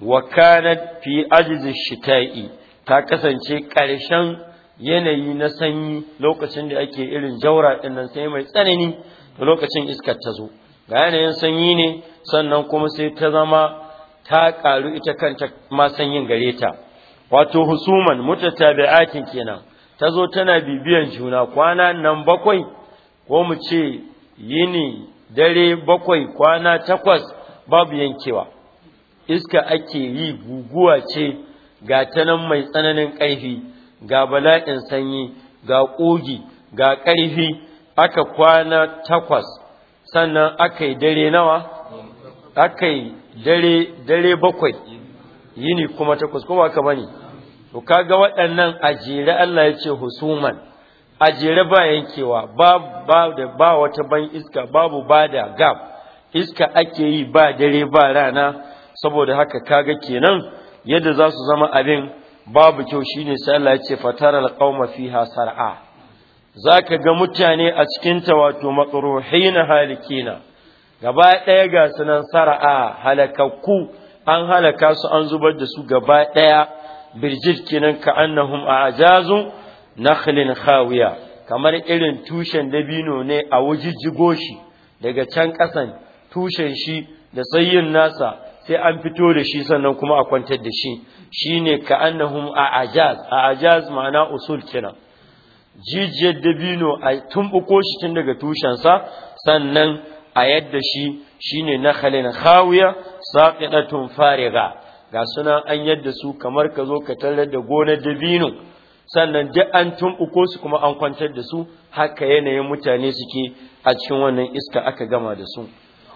wa kanat fi ajzi shita'i ta kasance ƙarshen yanayi na sanyi lokacin da ake irin jaura ɗin nan sai mai tsanani lokacin iskar ta zo ga yanayin sanyi ne sannan kuma sai ta zama ta ƙaru ita kanta ma sanyin gare ta wato husuman mutatabi'atin kenan ta zo tana bibiyan juna kwana nan bakwai ko mu ce yini dare bakwai kwana takwas babu yankewa iska ake yi guguwa ce ga ta nan mai tsananin ƙarfi ga bala'in sanyi ga ƙogi ga ƙarfi aka kwana takwas sannan aka yi dare nawa aka yi dare dare bakwai yini kuma takwas kuma aka bane to kaga waɗannan ajere Allah ya ce husuman ajere ba yankewa ba ba da ba wata ban iska babu ba da gab iska ake yi ba dare ba rana saboda haka kaga kenan yadda za su zama abin babu kyau shine sai Allah ya ce fataral qauma fiha sar'a za ka ga mutane a cikinta wato na halikina gaba ɗaya ga sunan sara'a halakakku an halaka su an zubar da su gaba ɗaya birjit kenan ka annahum a ajazun nakhlin khawiya kamar irin tushen dabino ne a wajijjigo shi daga can ƙasan tushen shi da tsayin nasa sai an fito da shi sannan kuma a kwantar da shi shine ka annahum a ajaz a ajaz ma'ana usul kinan jijiyar dabino a tumbuko shi tun daga tushensa sannan a yadda shi shi ne shine nakhalin khawiya saqidatun fariga ga sunan an yadda su kamar ka zo ka tarar da gonar dabino sannan duk an tumbuko su kuma an kwantar da su haka yanayin mutane suke a cikin wannan iska aka gama da su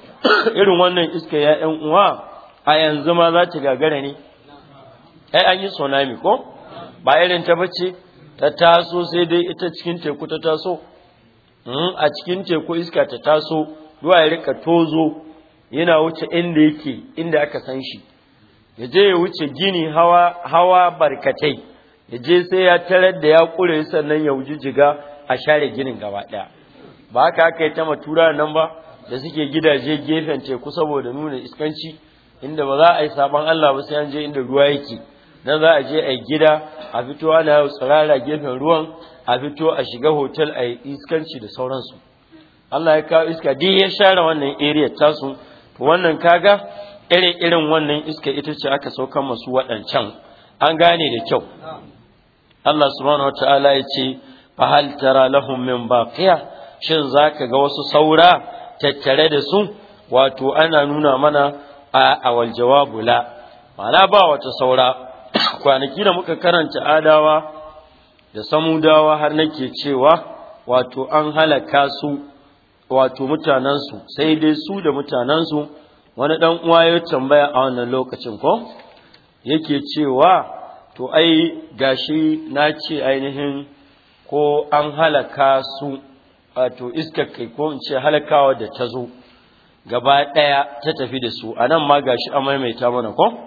irin wannan iska ya ɗan uwa a yanzu ma za ta gagara ne ai an yi tsunami ko ba irin ta bace ta taso sai dai ita cikin teku ta taso hmm, a cikin teku iska ta taso ruwa ya rika tozo yana wuce inda yake inda aka san shi ya je ya wuce gini hawa barkatai ya je sai ya tarar da ya kure sannan ya wuji jiga a share ginin gaba ɗaya ba haka aka yi ta matura nan ba da suke gidaje gefen teku saboda nuna iskanci inda ba za a yi sabon Allah ba sai an je inda ruwa yake nan za a je a gida a fito ana tsirara gefen ruwan a fito a shiga hotel a iskanci da sauransu Allah ya kawo iska duk ya share wannan area tasu to wannan kaga irin irin wannan iska ita ce aka saukan masu waɗancan an gane da kyau Allah subhanahu wataala ya ce fa hal tara lahum min baqiya shin zaka ga wasu saura tattare da su wato ana nuna mana a awal jawabu la ma'ana ba wata saura kwanaki da muka karanta adawa da samudawa har nake cewa wato an halaka su wato mutanensu sai dai su da mutanensu wani ɗan uwa ya tambaya a wannan lokacin ko yake cewa to ai gashi na ce ainihin ko an halaka su wato iskar kai ko in ce halakawa da ta zo gaba ɗaya ta tafi da su a nan ma gashi an maimaita mana ko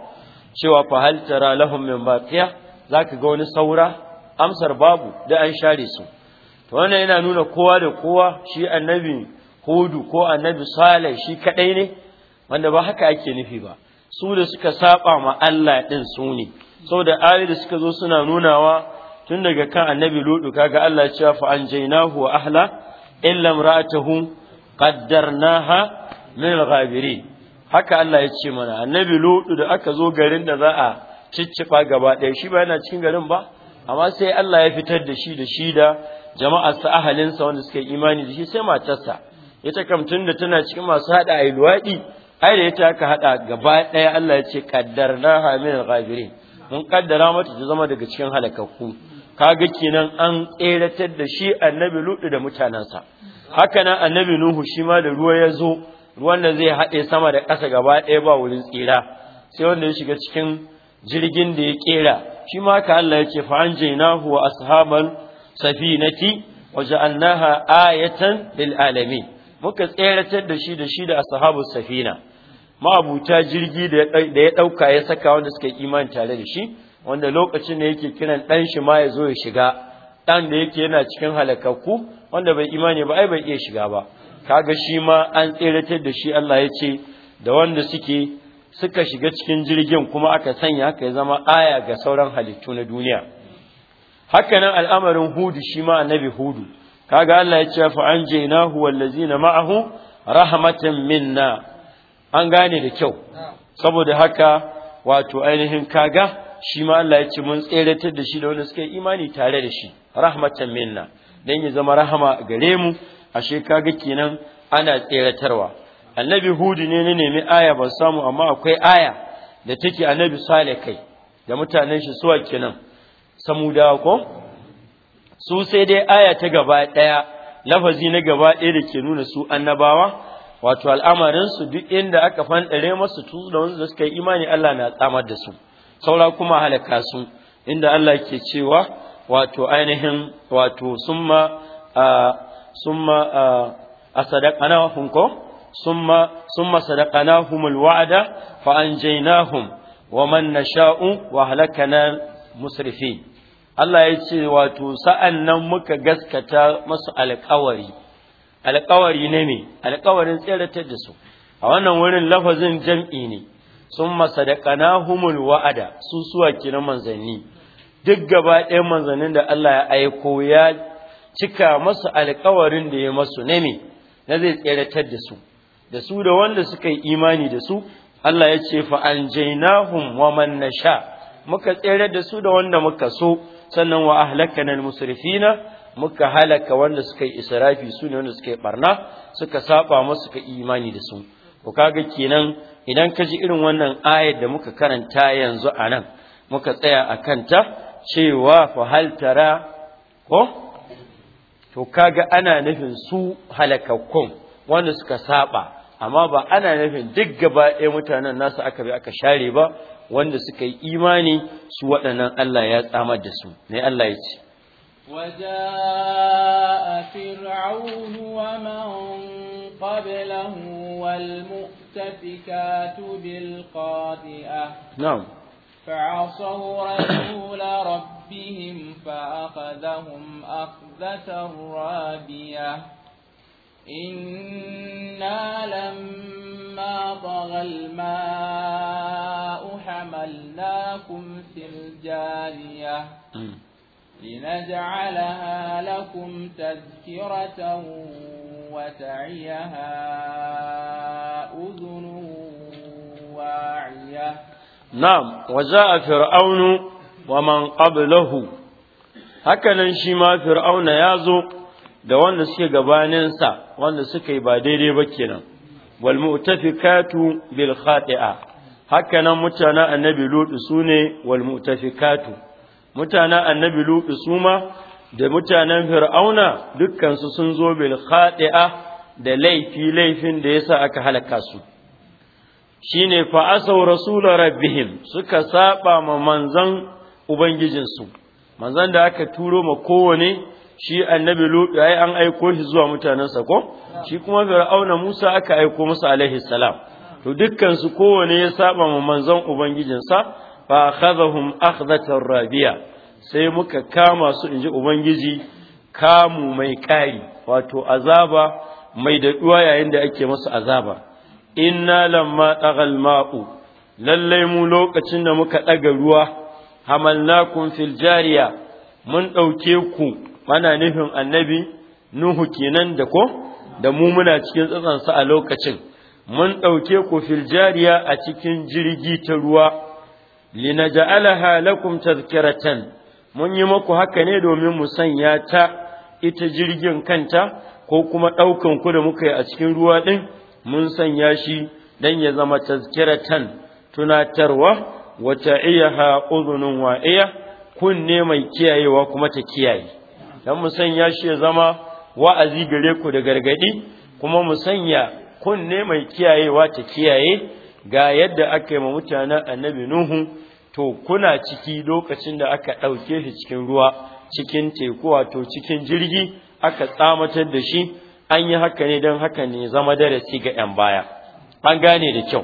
cewa fa hal tara lahum min baqiya zaka ga wani saura amsar babu da an share su to wannan yana nuna kowa da kowa shi annabi hudu ko annabi salih shi kadai ne wanda ba haka ake nufi ba su da suka saba ma Allah din su ne saboda ayi da suka zo suna nunawa tun daga kan annabi ludu kaga Allah ya ce fa anjaynahu wa ahla illa imra'atuhu qaddarnaha min ghabirin haka Allah ya ce mana annabi lutu da aka zo garin da za a ciccifa gaba ɗaya shi ba yana cikin garin ba amma sai Allah ya fitar da shi da shi da jama'ar ahalinsa wanda suka yi imani da shi sai matarsa ita kam da tana cikin masu hada ayi luwadi ai da ita aka hada gaba ɗaya Allah ya ce qaddarna ha min al-ghabirin mun kaddara mata ta zama daga cikin halakakku kaga kenan an tseratar da shi annabi lutu da mutanensa? haka nan annabi nuhu shi ma da ruwa ya zo ruwan da zai haɗe sama da ƙasa gaba ɗaya ba wurin tsira sai wanda ya shiga cikin jirgin da ya ƙera. shi ma ka Allah ya ce fa anjaynahu wa waje safinati wa ja'alnaha ayatan lil alamin muka tseratar da shi da shi da ashabus safina ma'abuta jirgi da ya ɗauka ya saka wanda suka yi iman tare da shi wanda lokacin da yake kiran ɗan shi ma ya zo ya shiga ɗan da yake yana cikin halakakku wanda bai imani ba ai bai iya shiga ba kaga shi ma an tseratar da shi Allah ya ce da wanda suke suka shiga cikin jirgin kuma aka sanya aka ya zama aya ga sauran halittu na duniya Haka nan, al'amarin hudu shi ma annabi hudu kaga Allah ya ce fa anjaynahu wallazina ma'ahu rahmatan minna an gane da kyau saboda haka wato ainihin kaga shi ma Allah ya ce mun tseratar da shi da wanda suka yi imani tare da shi rahmatan minna dan ya zama rahama gare mu ashe kaga kenan ana tseratarwa annabi hudu ne na nemi aya ban samu amma akwai aya da take annabi sale kai da mutanen shi suwa kenan samudawa ko su sai dai aya ta gaba daya lafazi na gaba daya da ke nuna su annabawa wato al'amarin su duk inda aka fanɗare masu tu da wanda suka yi imani Allah na tsamar da su saura kuma halaka su inda Allah ke cewa wato ainihin wato summa ah, summa a sadaqanahum ko summa summa humul wa'ada, fa anjaynahum wa man nasha'u wa halakana musrifin Allah ya ce wato sa'an nan muka gaskata masu alƙawari alƙawari ne me alƙawarin tseratar da su a wannan wurin lafazin jam'i ne sun humul wa'ada su suwa kiran manzanni duk gaba ɗayan manzannin da Allah ya aiko ya cika masu alƙawarin da ya masu na me na zai tseratar da su da su da wanda suka yi imani da su Allah ya ce fa wa man nasha muka tsere da su da wanda muka so sannan wa ahlakana almusrifina muka halaka wanda suka yi israfi su ne wanda suka yi barna suka saba masu suka imani da su ko kaga kenan idan ka ji irin wannan ayar da muka karanta yanzu anan muka tsaya akan ta cewa fa ko to kaga ana nufin su halakakkun wanda suka saba amma ba ana nufin duk gaba ɗaya mutanen nasu aka bi aka share ba wanda suka yi imani su waɗannan Allah ya tsamar da su ne Allah ya ce وجاء فرعون ومن قبله والمؤتفكات بالقاطئة نعم فعصوا رسول ربهم ربهم فأخذهم أخذة رابية إنا لما طغى الماء حملناكم في الجارية لنجعلها لكم تذكرة وتعيها أذن واعية نعم وجاء فرعون wa man qablahu hakanan shi ma fir'auna ya zo da wanda suke gabaninsa wanda suka yi ba daidai ba kenan wal mu'tafikatu bil khati'a hakanan mutanen annabi lutu sune wal mu'tafikatu mutanen annabi lutu suma da mutanen fir'auna dukkan sun zo bil khati'a da laifi laifin da yasa aka halaka su shine fa asaw rasul rabbihim suka saba ma manzon ubangijinsu manzan da aka turo ma kowane shi annabi lobi ai an aiko shi zuwa mutanensa ko shi kuma fir'auna musa aka aiko masa alaihi salam to dukkansu kowane ya saba ma manzan ubangijinsa fa akhadhahum akhdhatan rabiya sai muka kama su in ji ubangiji kamu mai ƙari, wato azaba mai daɗuwa yayin da ake masu azaba inna lamma ɗagal ma'u lallai mu lokacin da muka ɗaga ruwa hamalnakum fil jariya mun ɗauke ku mana nufin annabi nuhu kenan da ko da mu muna cikin tsatsansa a lokacin mun ɗauke ku fil jariya a cikin jirgi ta ruwa linaja'alaha lakum tazkiratan mun yi muku haka ne domin mu sanya ta ita jirgin kanta ko kuma ɗaukan ku da muka yi a cikin ruwa ɗin mun sanya shi dan ya zama tazkiratan tunatarwa wata iya udhunun wa'iya kunne mai kiyayewa kuma ta kiyaye dan mu sanya shi ya zama wa'azi gare ku da gargadi kuma mu sanya kunne mai kiyayewa ta kiyaye ga yadda aka yi ma mutanen annabi nuhu to kuna ciki lokacin da aka ɗauke shi cikin ruwa cikin teku wato cikin jirgi aka tsamatar da shi an yi haka ne don haka ne zama darasi ga 'yan baya an gane da kyau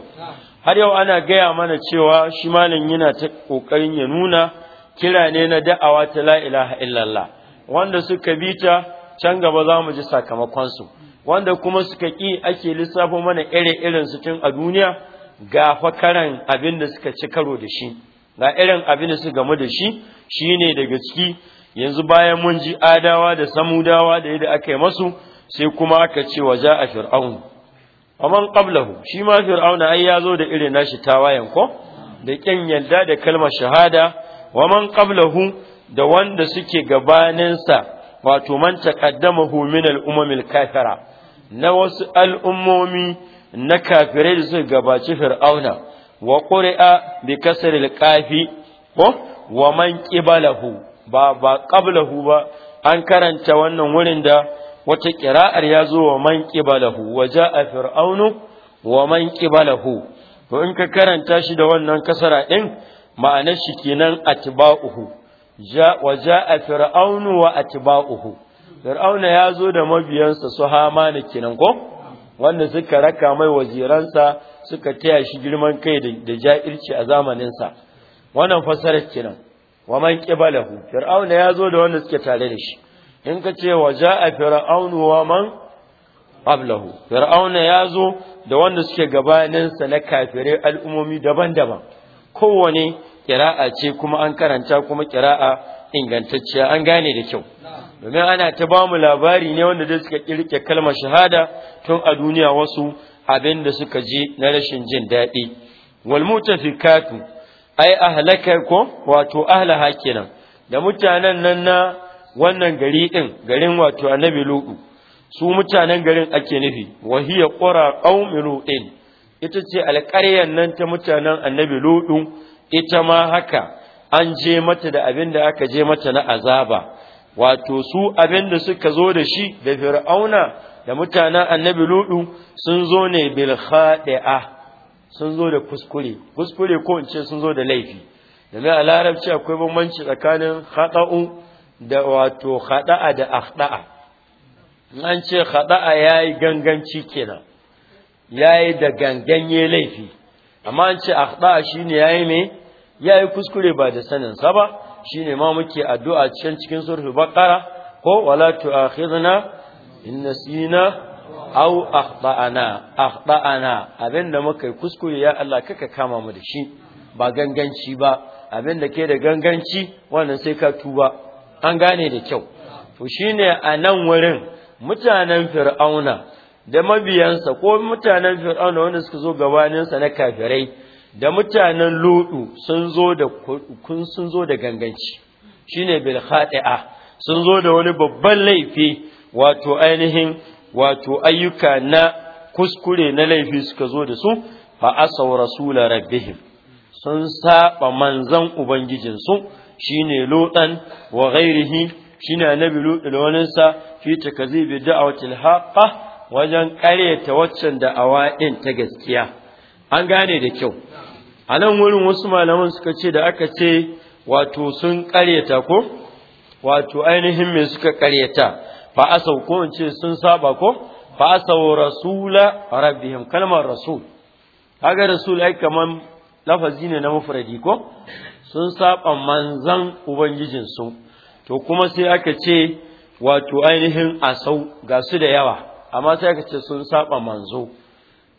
har yau ana gaya mana cewa shi malam yana ta kokarin ya nuna kira ne na da'awa ta la ilaha illallah wanda suka bi ta can gaba za mu ji sakamakonsu, wanda kuma suka ki ake lissafo mana ire irin su tun a duniya ga fakaran abin da suka ci karo da shi ga irin abin da su gamu da shi shine daga ciki yanzu bayan mun ji adawa da samudawa da yadda aka yi masu sai kuma aka ce waje a fir'aun wa man shi ma fir'auna ai yazo da irin nashi tawayan ko da kyan yalda da kalmar shahada wa man qablahu da wanda suke gabaninsa wato man hu min al-umamil kafira na wasu al'ummomi na kafirai da suka gabaci fir'auna wa qur'a bi kasr al-qafi ko wa man qiblahu ba ba qablahu ba an karanta wannan wurin da wata ƙira'ar ya zo wa man ƙibalahu wa ja'a fir'aunu wa man ƙibalahu to in ka karanta shi da wannan kasara ɗin ma'anar shi kenan atba'uhu wa ja'a fir'aunu wa atba'uhu fir'auna ya zo da mabiyansa su ne kenan ko wanda suka raka mai waziransa suka taya shi girman kai da ja'irci a zamaninsa wannan fasarar kenan wa man ƙibalahu fir'auna ya zo da wanda suke tare da shi in ka ce wa a fir'aunu wa man qablahu fir'auna ya zo da wanda suke gabaninsa na kafirai al'umomi daban-daban kowane kira'a ce kuma an karanta kuma kira'a ingantacciya an gane da kyau domin ana ta ba mu labari ne wanda dai suka kirke kalmar shahada tun a duniya wasu abin da suka ji na rashin jin daɗi wal mutafikatu ai ahlaka ko wato ahlaha kenan da mutanen nan na wannan gari ɗin, garin wato annabi Luɗu, su mutanen garin ake nufi wa hiya qura qaumi lu'in ita ce alƙaryar nan ta mutanen annabi lu'u ita ma haka an je mata da abin da aka je mata na azaba wato su abin da suka zo da shi da fir'auna da mutanen annabi Luɗu sun zo ne bil khadi'a sun zo da kuskure kuskure ko in ce sun zo da laifi da a larabci akwai bambanci tsakanin khata'u da wato khada'a da akhda'a an ce khada'a yayi ganganci kenan yayi da ganganye laifi amma an ce akhda'a shine yayi me yayi kuskure ba da sanin sa ba shine ma muke addu'a cikin cikin surah baqara ko wala tu'akhidna in nasina aw akhta'ana akhta'ana abinda muka kuskure ya Allah kaka kama mu da shi ba ganganci ba abinda ke da ganganci wannan sai ka tuba an gane da kyau to shine a nan wurin mutanen fir'auna da mabiyansa ko mutanen fir'auna wanda suka zo gabaninsa na kafirai da mutanen ludu sun zo da kun sun zo da ganganci shine ne khati'a sun zo da wani babban laifi wato ainihin wato ayyuka na kuskure na laifi suka zo da su fa asaw rasula rabbihim sun saba manzan ubangijinsu shine lutan wa ghairihi shine annabi lutan da waninsa fi ta takzibi da'watil haqqa wajen ƙaryata waccan da din ta gaskiya an gane da kyau a nan wurin wasu malaman suka ce da aka ce wato sun ƙaryata ko wato ainihin me suka ƙaryata fa asau ko in ce sun saba ko fa asau rasula rabbihim kalmar rasul kaga rasul ai kaman lafazi ne na mufradi ko sun saba manzan su. to kuma sai aka ce wato ainihin asau ga su da yawa amma sai aka ce sun saba manzo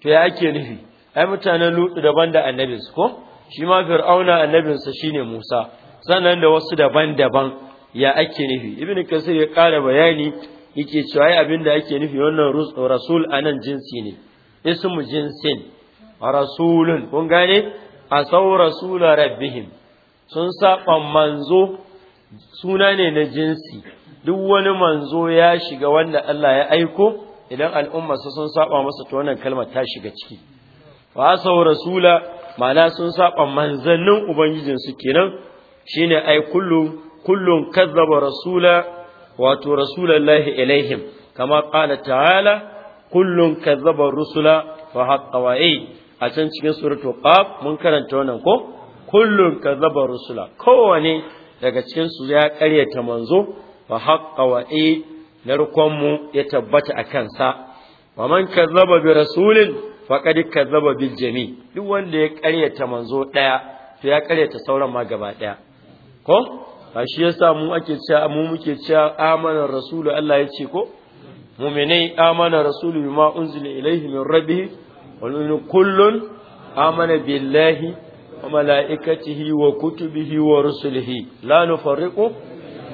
to ya ake nufi ai mutanen lutu daban da annabinsu ko shi ma fir'auna annabinsa shine musa sannan da wasu daban-daban ya ake nufi ibnu kasir ya ƙara bayani yake cewa ai abin da ake nufi wannan rasul anan jinsi ne ismu jinsin rasulun kun gane asau rasula rabbihim sun saba manzo suna ne na jinsi duk wani manzo ya shiga wanda Allah ya aiko idan al'umma sun saɓa masa to wannan kalmar ta shiga ciki wa sau rasula ma'ana sun saba manzannin ubangijinsu kenan shine ai kullu kullun kazzaba rasula wato rasulullahi ilaihim kama qala ta'ala kullun kazzaba rusula fa haqqa wa'i a can cikin suratul qaf mun karanta wannan ko kullun zaba rusula kowane daga cikin su ya karyata manzo fa haqqa wa e narkon mu ya tabbata a kansa wa man zaba bi rasulin faqad zaba bil jami duk wanda ya karyata manzo ɗaya to ya karyata sauran ma gaba daya ko ba shi yasa mu ake cewa mu muke cewa amana rasulu Allah ya ce ko mu'minai amana rasulu bima unzila ilaihi min rabbih kullun amana billahi وملائكته وكتبه rusulihi. لا نفرق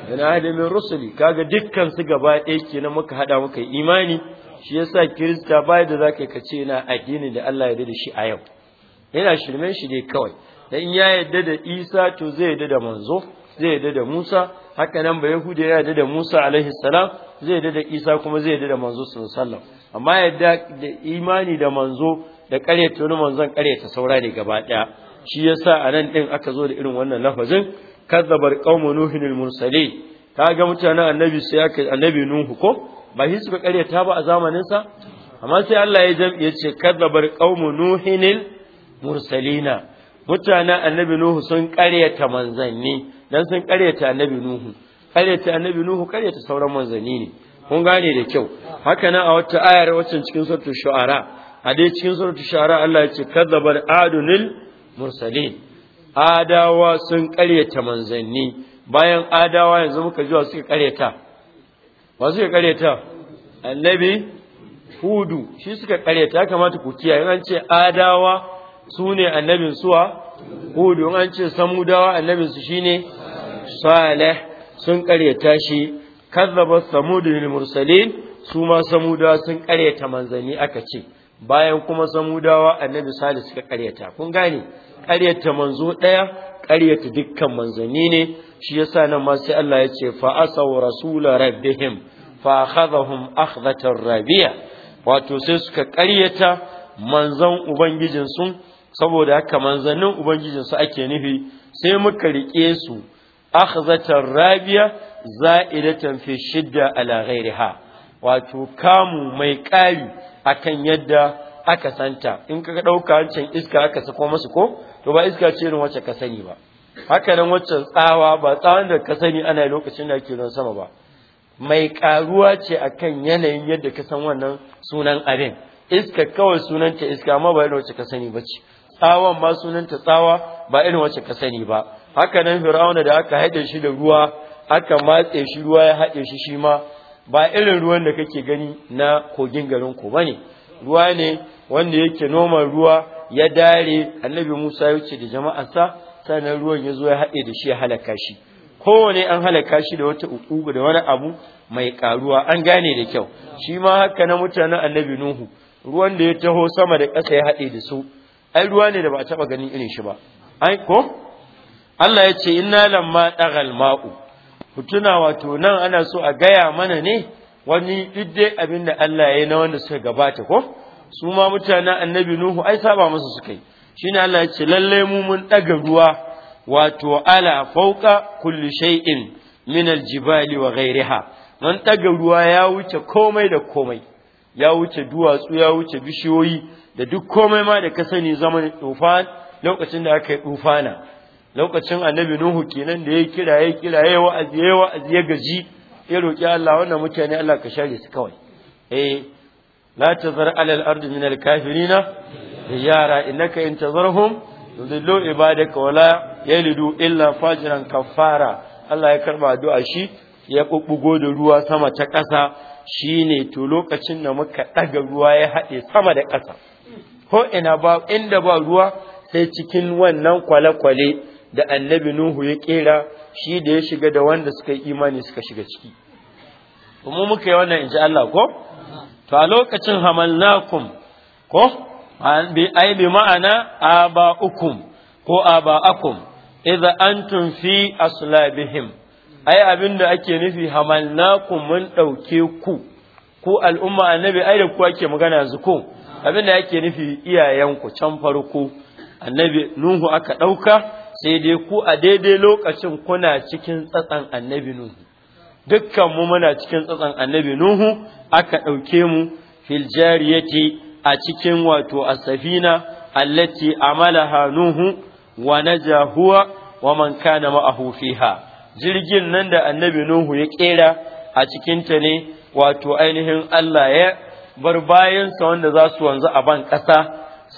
بين أحد من rusuli. كاغا دكان سو غبا ɗaya kenan muka hada muka yi imani shi yasa kirista bai da zaka kace yana addini da Allah ya dade shi a yau Ina shirmen shi ne kawai dan ya yadda da Isa to zai yadda da manzo zai yadda da Musa haka nan ba Yahuda ya yadda da Musa alaihi salam zai yadda da Isa kuma zai yadda da manzo sallallahu alaihi amma yadda da imani da manzo da ƙaryata wani manzon ƙaryata saura ne gaba ɗaya shi yasa a nan ɗin aka zo da irin wannan lafazin kazzabar qaumu nuhin al Ta ga mutanen annabi sai aka annabi nuhu ko ba shi suka karyata ba a zamanin sa amma sai Allah ya jam ya ce kazzabar qaumu nuhin mursalina mutanen annabi nuhu sun karyata manzanni dan sun karyata annabi nuhu karyata annabi nuhu karyata sauran manzanni ne kun gane da kyau haka nan a wata ayar wacin cikin suratul shu'ara a dai cikin suratul shu'ara Allah ya ce kazzabar adunil mursalin adawa sun karyata manzanni bayan adawa yanzu muka zuwa suka karyata ba suka karyata annabi hudu shi suka karyata ya kamata ku in an ce adawa su ne annabin suwa hudu an ce samudawa annabin su shine salih sun karyata shi kazzaba samudu lil mursalin su ma samudawa sun karyata manzanni aka ce bayan kuma samudawa annabi salih suka ƙaryata, kun gane Ƙaryata manzo ɗaya, ƙaryata dukkan manzanni ne shi yasa nan ma sai Allah ya ce fa asaw rasul rabbihim fa akhadhahum akhdhatan rabiya wato sai suka ƙaryata manzon ubangijin su saboda haka manzannin ubangijin su ake nufi sai muka rike su akhzatan rabiya za'idatan fi shidda ala ghairiha wato kamu mai ƙari akan yadda aka santa in ka ɗauka wancan iska aka sako masu ko to ba iska ce irin wacce ka sani ba haka nan wacce tsawa ba tsawon da ka sani ana lokacin da ake ruwan sama ba mai karuwa ce akan yanayin yadda ka san wannan sunan abin iska kawai sunanta iska amma ba irin wacce ka sani ba ce tsawon ma sunanta tsawa ba irin wacce ka sani ba haka nan fir'auna da aka haɗe shi da ruwa aka matse shi ruwa ya haɗe shi shi ma ba irin ruwan da kake gani na kogin garin ku bane ruwa ne wanda yake noman ruwa ya dare annabi Musa ya wuce da jama'arsa sanan ruwan ya zo ya haɗe da shi ya halaka shi kowane an halaka shi da wata uku da wani abu mai karuwa an gane da kyau shi ma haka na mutanen annabi Nuhu ruwan da ya taho sama da ƙasa ya haɗe da su ai ruwa ne da ba a taɓa ganin irin shi ba ai ko Allah ya ce inna lamma dagal ma'u hutuna wato nan ana so a gaya mana ne wani idde abin da Allah ya yi na wanda suka gabata ko su ma mutanen annabi nuhu ai saba musu suka yi shine Allah ya ce lalle mu mun daga ruwa wato ala fauka kulli shay'in min aljibali wa ghayriha mun daga ruwa ya wuce komai da komai ya wuce duwatsu ya wuce bishiyoyi da duk komai ma da ka sani zaman tufan lokacin da aka yi tufana lokacin annabi nuhu kenan da ya kira ya kira yayi wa'azi ya wa'azi ya gaji ya roki Allah wannan mutane Allah ka share su kawai eh la tazar alal ardi min al kafirina yara innaka in tazarhum yudillu ibadaka wala yalidu illa fajiran kafara Allah ya karba addu'a shi ya bubbugo da ruwa sama ta ƙasa shine to lokacin da muka daga ruwa ya haɗe sama da ƙasa ko ina ba inda ba ruwa sai cikin wannan kwale-kwale da annabi Nuhu ya kera shi da ya shiga da wanda suka yi imani suka shiga ciki kuma muka yi wannan inci Allah ko to a lokacin hamalnakum ko bi ai bi ma'ana aba'ukum ko aba'akum idza antum fi aslabihim ai abin da ake nufi hamalnakum mun ɗauke ku ku al'umma annabi ai da ku ake magana yanzu ko da ake nufi iyayenku can farko annabi Nuhu aka ɗauka. sai dai ku a daidai lokacin kuna cikin tsatsan annabi Nuhu Dukkanmu muna cikin tsatsan annabi Nuhu aka ɗauke mu fil jariyati a cikin wato asafina allati amalaha Nuhu wa naja huwa wa man kana ma'ahu fiha jirgin nan da annabi Nuhu ya kera a cikin ta ne wato ainihin Allah ya bar bayansa wanda za su wanzu a ban ƙasa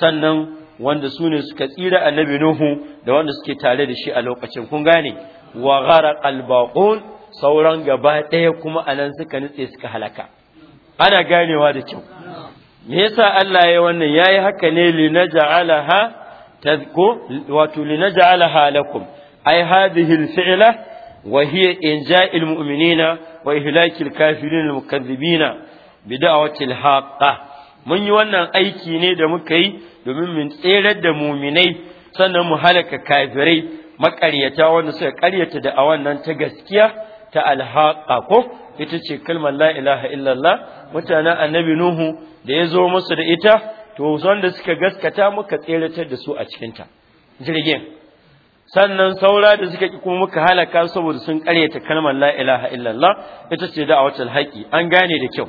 sannan wanda su ne suka tsira annabi nuhu da wanda suke tare da shi a lokacin kun gane wa gara qalbaqun sauran gaba ɗaya kuma anan suka nutse suka halaka ana ganewa da kyau me yasa Allah ya wannan yayi haka ne naj'alaha tadhku wato naj'alaha lakum ai hadhihi al-fi'la wa hiya inja'il mu'minina wa ihlakil kafirin almukaththibina bid'awati haqqah mun yi wannan aiki ne da muka yi domin mun tserar da muminai sannan mu halaka kafirai makaryata wanda suka karyata da a wannan ta gaskiya ta alhaqa ko ita ce kalmar la ilaha illallah mutanen annabi nuhu da ya zo musu da ita to wanda suka gaskata muka tseratar da su a cikin ta jirgin sannan saura da suka ki kuma muka halaka saboda sun karyata kalmar la ilaha illallah ita ce da'awatul haqi an gane da kyau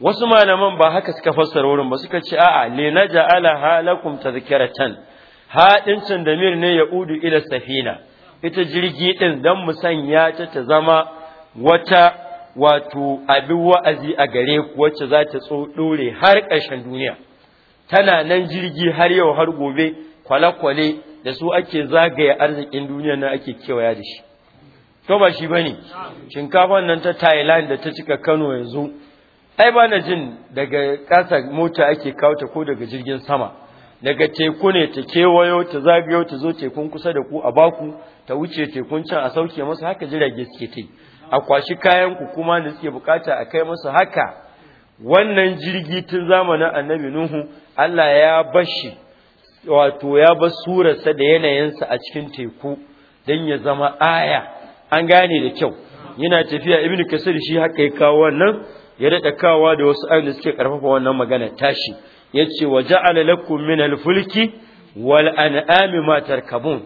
wasu malaman ba haka suka fassara wurin ba suka ce a'a na ja'ala halakum tadhkiratan haɗin can damir ne ya udu ila safina ita jirgi din dan mu sanya ta ta zama wata wato abin wa'azi a gare ku wacce za ta dore har ƙarshen duniya tana nan jirgi har yau har gobe kwale-kwale da su ake zagaya arzikin duniya nan ake kewaya da shi to ba shi bane shinkafa nan ta Thailand da ta cika Kano yanzu ai ba na jin daga ƙasa mota ake kawo ta ko daga jirgin sama daga teku ne ta kewayo ta zagayo ta zo tekun kusa da ku a baku ta wuce tekun can a sauke masa haka jirage suke ta a kwashi kayan ku kuma da suke bukata a kai masa haka wannan jirgi tun zamanin annabi nuhu Allah ya bashi wato ya bar surarsa da yanayinsa a cikin teku don ya zama aya an gane da kyau yana tafiya ibnu kasir shi haka ya kawo wannan ya daɗa kawa da wasu ayyuka suke karfafa wannan magana tashi yace wa ja'ala lakum min al-fulki wal an'ami ma tarkabun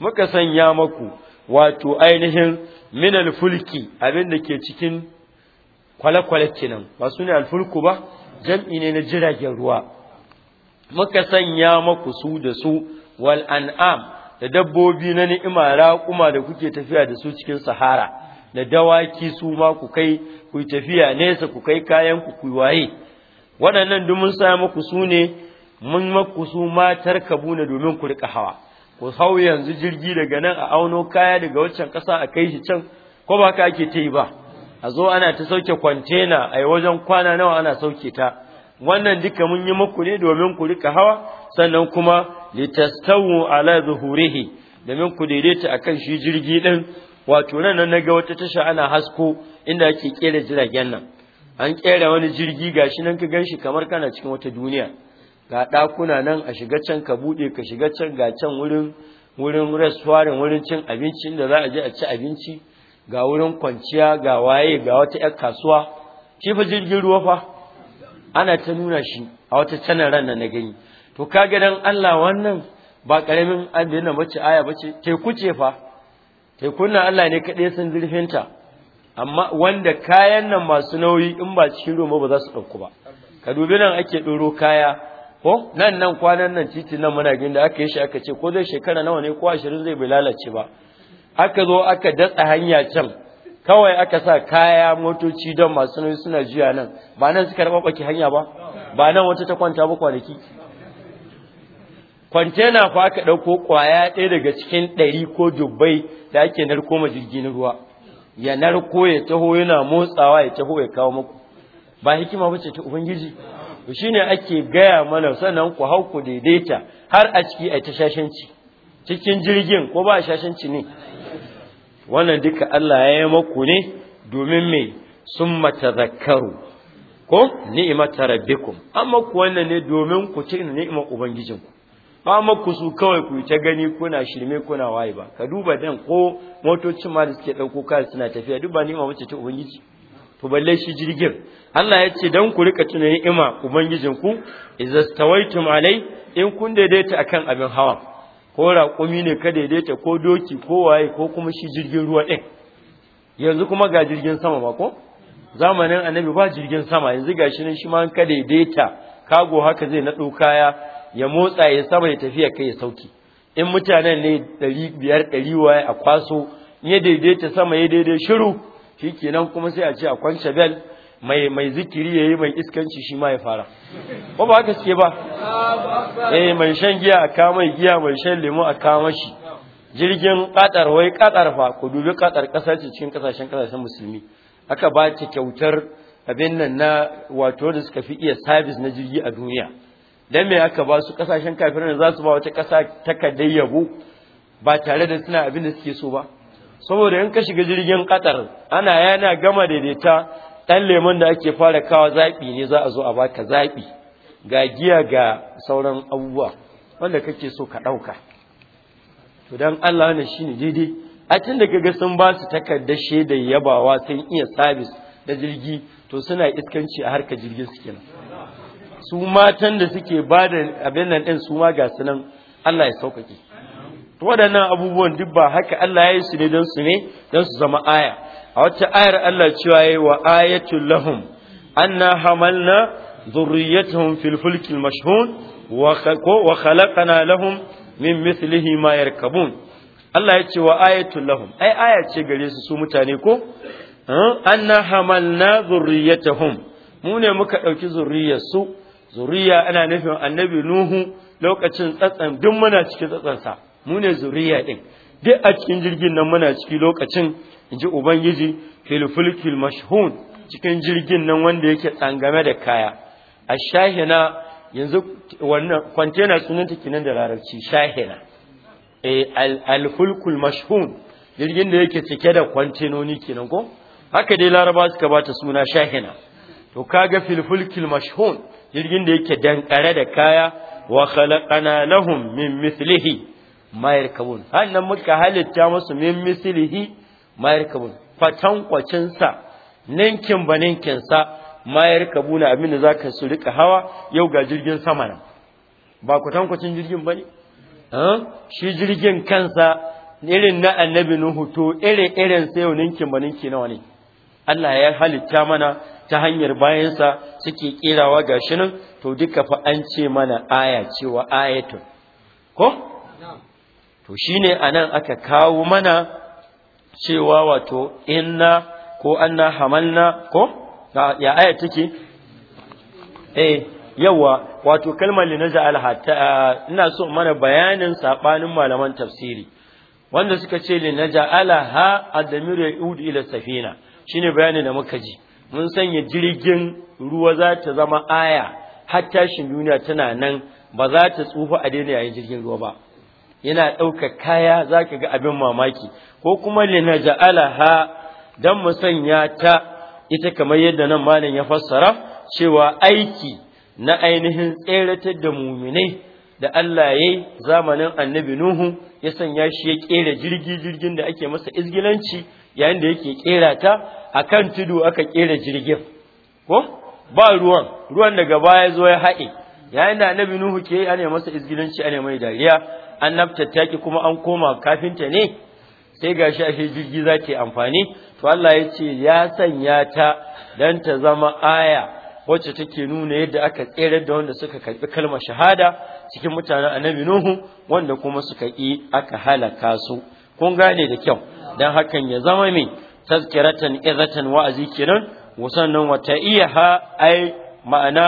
muka sanya maku wato ainihin min al-fulki abin da ke cikin kwale-kwale kenan ba su ne al-fulku ba jam'i ne na jiragen ruwa muka sanya maku su da su wal an'am da dabbobi na ni'ima raƙuma da kuke tafiya da su cikin sahara da dawaki su ma ku kai ku tafiya nesa ku kai kayan ku ku waye waɗannan duk mun sa muku su ne mun maku su matar kabuna domin ku rika hawa ku hau yanzu jirgi daga nan a auno kaya daga waccan ƙasa a kai shi can ko ba ka ake ta yi ba a zo ana ta sauke kwantena a wajen kwana nawa ana sauke ta wannan duka mun yi muku ne domin ku rika hawa sannan kuma litastawu ala zuhurihi domin ku daidaita akan shi jirgi din wato nan na ga wata tasha ana hasko inda ake kera jiragen nan an kera wani jirgi gashi nan ka ganshi kamar kana cikin wata duniya ga dakuna nan a shiga can ka buɗe ka shiga can ga can wurin wurin restaurant wurin cin abinci inda za a je a ci abinci ga wurin kwanciya ga waye ga wata yar kasuwa shi fa jirgin ruwa fa ana ta nuna shi a wata canar ran na gani to kaga dan Allah wannan ba karamin abin nan bace aya bace teku ce fa tekunan Allah ne kaɗai sun zurfinta amma wanda kayan nan masu nauyi in ba cikin roma ba za su ɗauku ba ka dubi nan ake ɗoro kaya ko nan nan kwanan nan titi nan muna gani da aka yi shi aka ce ko zai shekara nawa ne ko ashirin zai bai lalace ba aka zo aka datsa hanya can kawai aka sa kaya motoci don masu nauyi suna juya nan ba nan suka raba baki hanya ba ba nan wata ta kwanta ba kwanaki kwantena ko aka ɗauko ƙwaya ɗaya daga cikin ɗari ko dubbai da ake narko ma jirgin ruwa ya narko ya taho yana motsawa ya taho ya kawo maku. ba hikima ba ce ta ubangiji to shine ake gaya mana sannan ku hau ku daidaita har a ciki a ta shashanci cikin jirgin ko ba shashanci ne wannan duka Allah ya yi maku ne domin me sun matazakaru ko ni'imata rabbikum amma ku wannan ne domin ku ci ni'imar ubangijinku ba ku su kawai ku ta gani kuna shirme kuna waye ba ka duba dan ko motocin ma da suke dauko kai suna tafiya Duba ni, ma wacce ta ubangiji to balle shi jirgin Allah ya ce dan ku rika tuna ima ubangijin ku tawaitum alai in kun daidaita akan abin hawa ko raƙumi ne ka daidaita ko doki ko waye ko kuma shi jirgin ruwa din yanzu kuma ga jirgin sama ba ko zamanin annabi ba jirgin sama yanzu gashi nan shi ma ka daidaita kago haka zai naɗo kaya ya motsa ya sama ya tafiya kai ya sauki in mutanen ne 500 biyar a kwaso ya daidaita sama ya daidai shiru shikenan kuma sai a ce a kwance bel mai mai zikiri yayi mai iskanci shi ma ya fara ko ba haka suke ba eh mai shan giya a kama giya mai shan lemo a kama shi jirgin kadar wai kadar fa ku dubi kadar kasar ce cikin kasashen kasashen musulmi aka ba ta kyautar abin nan na wato da suka fi iya sabis na jirgi a duniya dan me aka ba su kasashen kafirin da za su ba wata kasa takardar yabo ba tare da suna abin da suke so ba saboda in ka shiga jirgin Qatar ana yana gama daidaita ɗan lemon da ake fara kawa zabi ne za a zo a baka zabi ga giya ga sauran abubuwa wanda kake so ka ɗauka. to dan Allah ne shine daidai a tun da kaga sun ba su takardar shaidar yabawa sun iya sabis da jirgi to suna iskanci a harka jirgin su kenan su matan da suke ba da abin nan ɗin su ma ga su nan Allah ya sauƙaƙe waɗannan abubuwan duk ba haka Allah ya yi su ne don su ne don su zama aya a wata ayar Allah cewa yayi wa ayatul lahum anna hamalna dhurriyyatuhum fil fulki mashhun wa khalaqna lahum min mithlihi ma yarkabun Allah ya ce wa ayatul lahum ai aya ce gare su su mutane ko anna hamalna dhurriyyatuhum mu ne muka ɗauki zurriyar su zuriya ana nufin annabi nuhu lokacin tsatsan duk muna cikin tsatsansa mu ne zuriya din duk a cikin jirgin nan muna ciki lokacin in ji ubangiji filfilkil mashhun cikin jirgin nan wanda yake tsangame da kaya a shahina yanzu wannan kwantena sunan take nan da larabci shahina eh alfulkul mashhun jirgin da yake cike da kwantenoni kenan ko haka dai larabawa suka bata suna shahina to kaga filfulkil mashhun jirgin da yake dankare da kaya wa khalaqana lahum min mithlihi ma yarkabun hannan muka halitta musu min mithlihi ma yarkabun fatan kwacin sa ninkin ba sa ma yarkabuna abin da zaka su rika hawa yau ga jirgin sama nan ba ku tankwacin jirgin bane shi jirgin kansa irin na annabi nuhu to irin irin sai ninkin ba ninki nawa ne Allah ya halitta mana ta hanyar bayansa suke kirawa gashi nan to duka fa an ce mana aya cewa ayatun ko to shine anan aka kawo mana cewa wato inna ko anna hamalna ko ya aya take eh yawa wato kalmar linaza alhatta ina so mana bayanin sabanin malaman tafsiri wanda suka ce linaja alaha adamiru yaudu ila safina shine bayanin da muka ji mun sanya jirgin ruwa za ta zama aya har tashin duniya tana nan ba za ta tsufa a daina yayin jirgin ruwa ba yana ɗauka kaya za ka ga abin mamaki ko kuma lina ja'alaha don mu sanya ta ita kamar yadda nan malam ya fassara cewa aiki na ainihin tseratar da muminai da Allah ya yi zamanin annabi Nuhu ya sanya shi ya ƙera jirgi jirgin da ake masa izgilanci yayin da yake ƙera ta A kan tudu aka kera jirgin ko ba ruwan ruwan daga baya zo ya haɗe yayin da annabi nuhu ke yi ana masa izgilinci ana mai dariya an ki kuma an koma kafinta ne sai ga gashi ashe jirgi za ta amfani to Allah ya ce ya sanya ta dan ta zama aya wacce take nuna yadda aka tsere da wanda suka karɓi kalmar shahada cikin mutanen annabi nuhu wanda kuma suka yi aka halaka su kun gane da kyau dan hakan ya zama mai tazkiratan izatan wa'azi kenan wasannan wata ha, ai ma'ana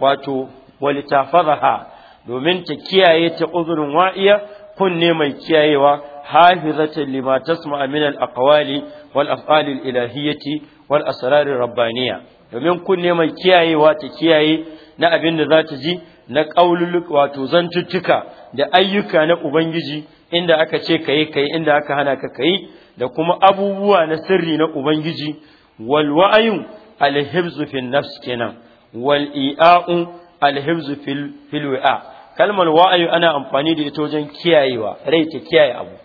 wato walitafadha domin ta kiyaye ta uzurin wa'iya kunne mai kiyayewa hafizatan lima tasma'a min al-aqwali wal af'ali al-ilahiyyati wal asrar rabbaniya domin kunne mai kiyayewa ta kiyaye na abin da za ta ji na ƙaululuk wato zantuttuka da ayyuka na ubangiji inda aka ce kayi kai inda aka hana ka kayi da kuma abubuwa na sirri na ubangiji wal wa'ayun fil nafs kenan wal i'a'u alhibzu fil fil kalmar wa'ayu ana amfani da ita wajen kiyayewa rai ta kiyaye abu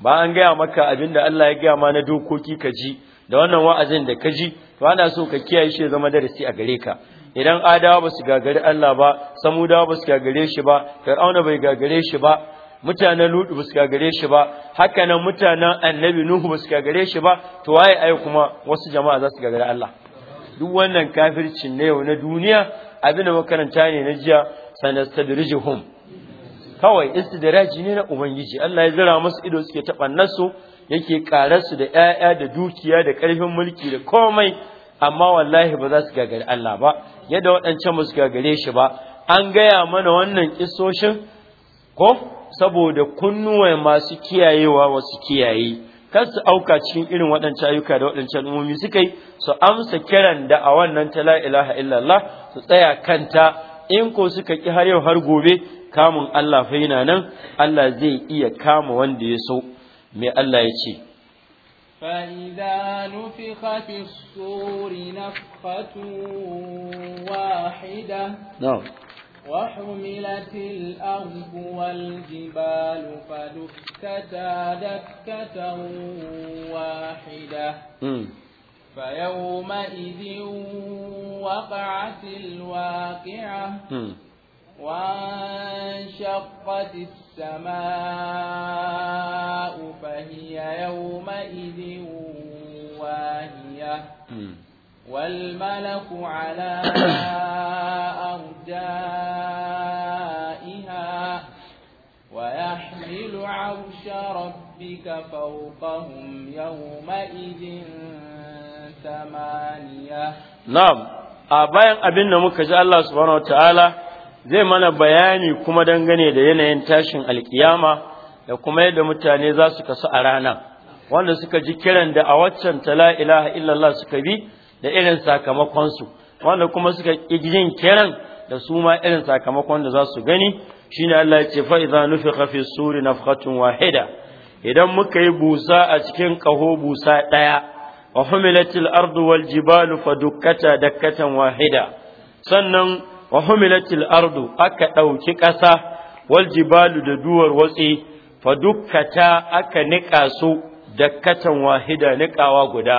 ba an gaya maka abin da Allah ya gaya ma na dokoki ka ji da wannan wa'azin da ka ji to ana so ka kiyaye shi zama darasi a gare ka idan adawa ba su gagari Allah ba samudawa ba su gagare shi ba fir'auna bai gagare shi ba mutanen lutu basu gare shi ba haka nan mutanen annabi nuhu basu gare shi ba to waye ai kuma wasu jama'a za su gagare Allah duk wannan kafircin ne yau na duniya abin da makaranta ne na jiya sanastadrijuhum kawai istidraji ne na ubangiji Allah ya zira musu ido suke tabannar nasu, yake karar su da 'ya'ya da dukiya da karfin mulki da komai amma wallahi ba za su gagari Allah ba yadda waɗancan ba su gagare shi ba an gaya mana wannan kisoshin ko saboda kunnuwa masu kiyayewa wasu kiyaye kar su auka cikin irin waɗancan ayyuka da waɗancan umumi suka yi su amsa kiran da a wannan ta la ilaha illallah su tsaya kanta in ko suka ki har yau har gobe kamun Allah fa yana nan Allah zai iya kama wanda ya so me Allah ya ce فإذا نفخ في الصور وحملت الأرض والجبال فدكتا دكة واحدة فيومئذ وقعت الواقعة وانشقت السماء فهي يومئذ واهية والملك على أرجائها ويحمل عرش ربك فوقهم يومئذ ثمانية نعم bayan abin da muka ji Allah subhanahu zai mana bayani kuma dangane da yanayin tashin alkiyama da kuma yadda mutane za su kasu a rana wanda suka ji kiran da a waccan ta la ilaha illallah suka bi da irin sakamakonsu wanda kuma suka ƙi kiran da su ma irin sakamakon da za su gani shine Allah ya ce fa idza nufiqa fi suri nafhatun wahida idan muka yi busa a cikin kaho busa daya wa humilatil ardu wal jibalu fadukkata dakkatan wahida sannan wa humilatil ardu aka dauki kasa wal jibalu da duwar watsi fadukkata aka nika su dakkatan wahida nikawa guda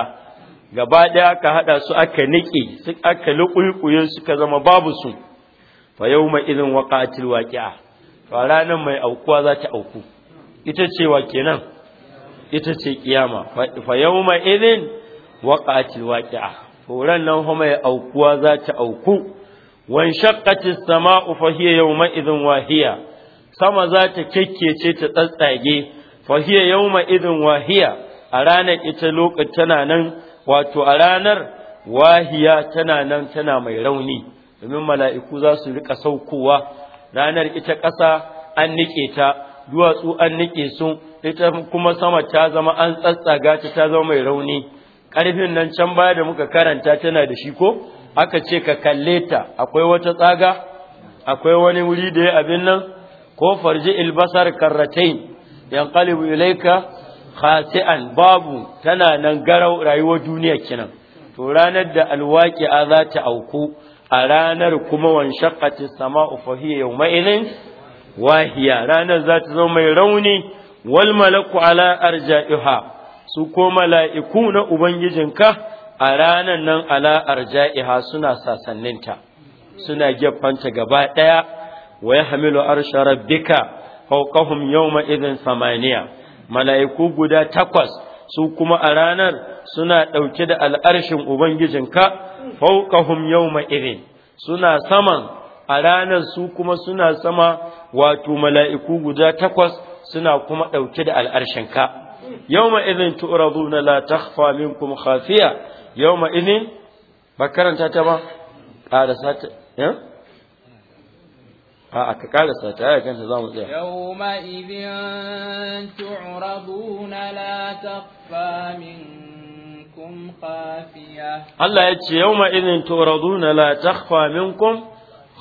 gaba ɗaya aka haɗa su aka niƙe su aka su suka zama babu su fa yawma idhin waqa'atil waqi'a fa ranan mai aukuwa za ta auku ita ce wa kenan ita ce kiyama fa yawma idhin waqa'atil waqi'a horan nan ho mai aukuwa za ta auku wan shaqqatis sama'u fa hiya yawma idhin wahiya sama za ta kekkece ta tsatsage fa hiya yawma idhin wahiya a ranar ita lokacin tana nan wato a ranar wahiya tana nan tana mai rauni domin mala'iku za su rika saukowa ranar ita ƙasa an nike ta duwatsu an nike su ita kuma sama ta zama an tsatsaga ta ta zama mai rauni ƙarfin nan can baya da muka karanta tana da shi ko aka ce ka kalle ta akwai wata tsaga akwai wani wuri da ya abin nan ko farji ilbasar karratain yanqalibu ilaika khasi'an babu tana nan garau rayuwar duniya kenan to ranar da alwaqi'a za ta auku a ranar kuma wan shaqqati sama'u fa hiya yawma idhin wahiya ranar za ta zama mai rauni wal malaku ala arja'iha su ko mala'iku na ubangijinka a ranar nan ala arja'iha suna sasanninta suna gefanta gaba daya wa yahmilu arsha rabbika fawqahum yawma idhin samaniya mala'iku guda takwas su kuma a ranar suna ɗauke da al'arshin Ubangijinka, fauƙahum yau irin suna saman a ranar su kuma suna sama wato mala'iku guda takwas suna kuma ɗauke da al'arshinka. Yau irin tu'urabu na latakfa min kuma hafiya, yau ma'irin, ba karanta ta ba, ƙarasa ta, eh? a'a ka karasa ta aya kanta zamu tsaya yawma idhin la takhfa minkum khafiya Allah yace yawma idhin tu'raduna la takhfa minkum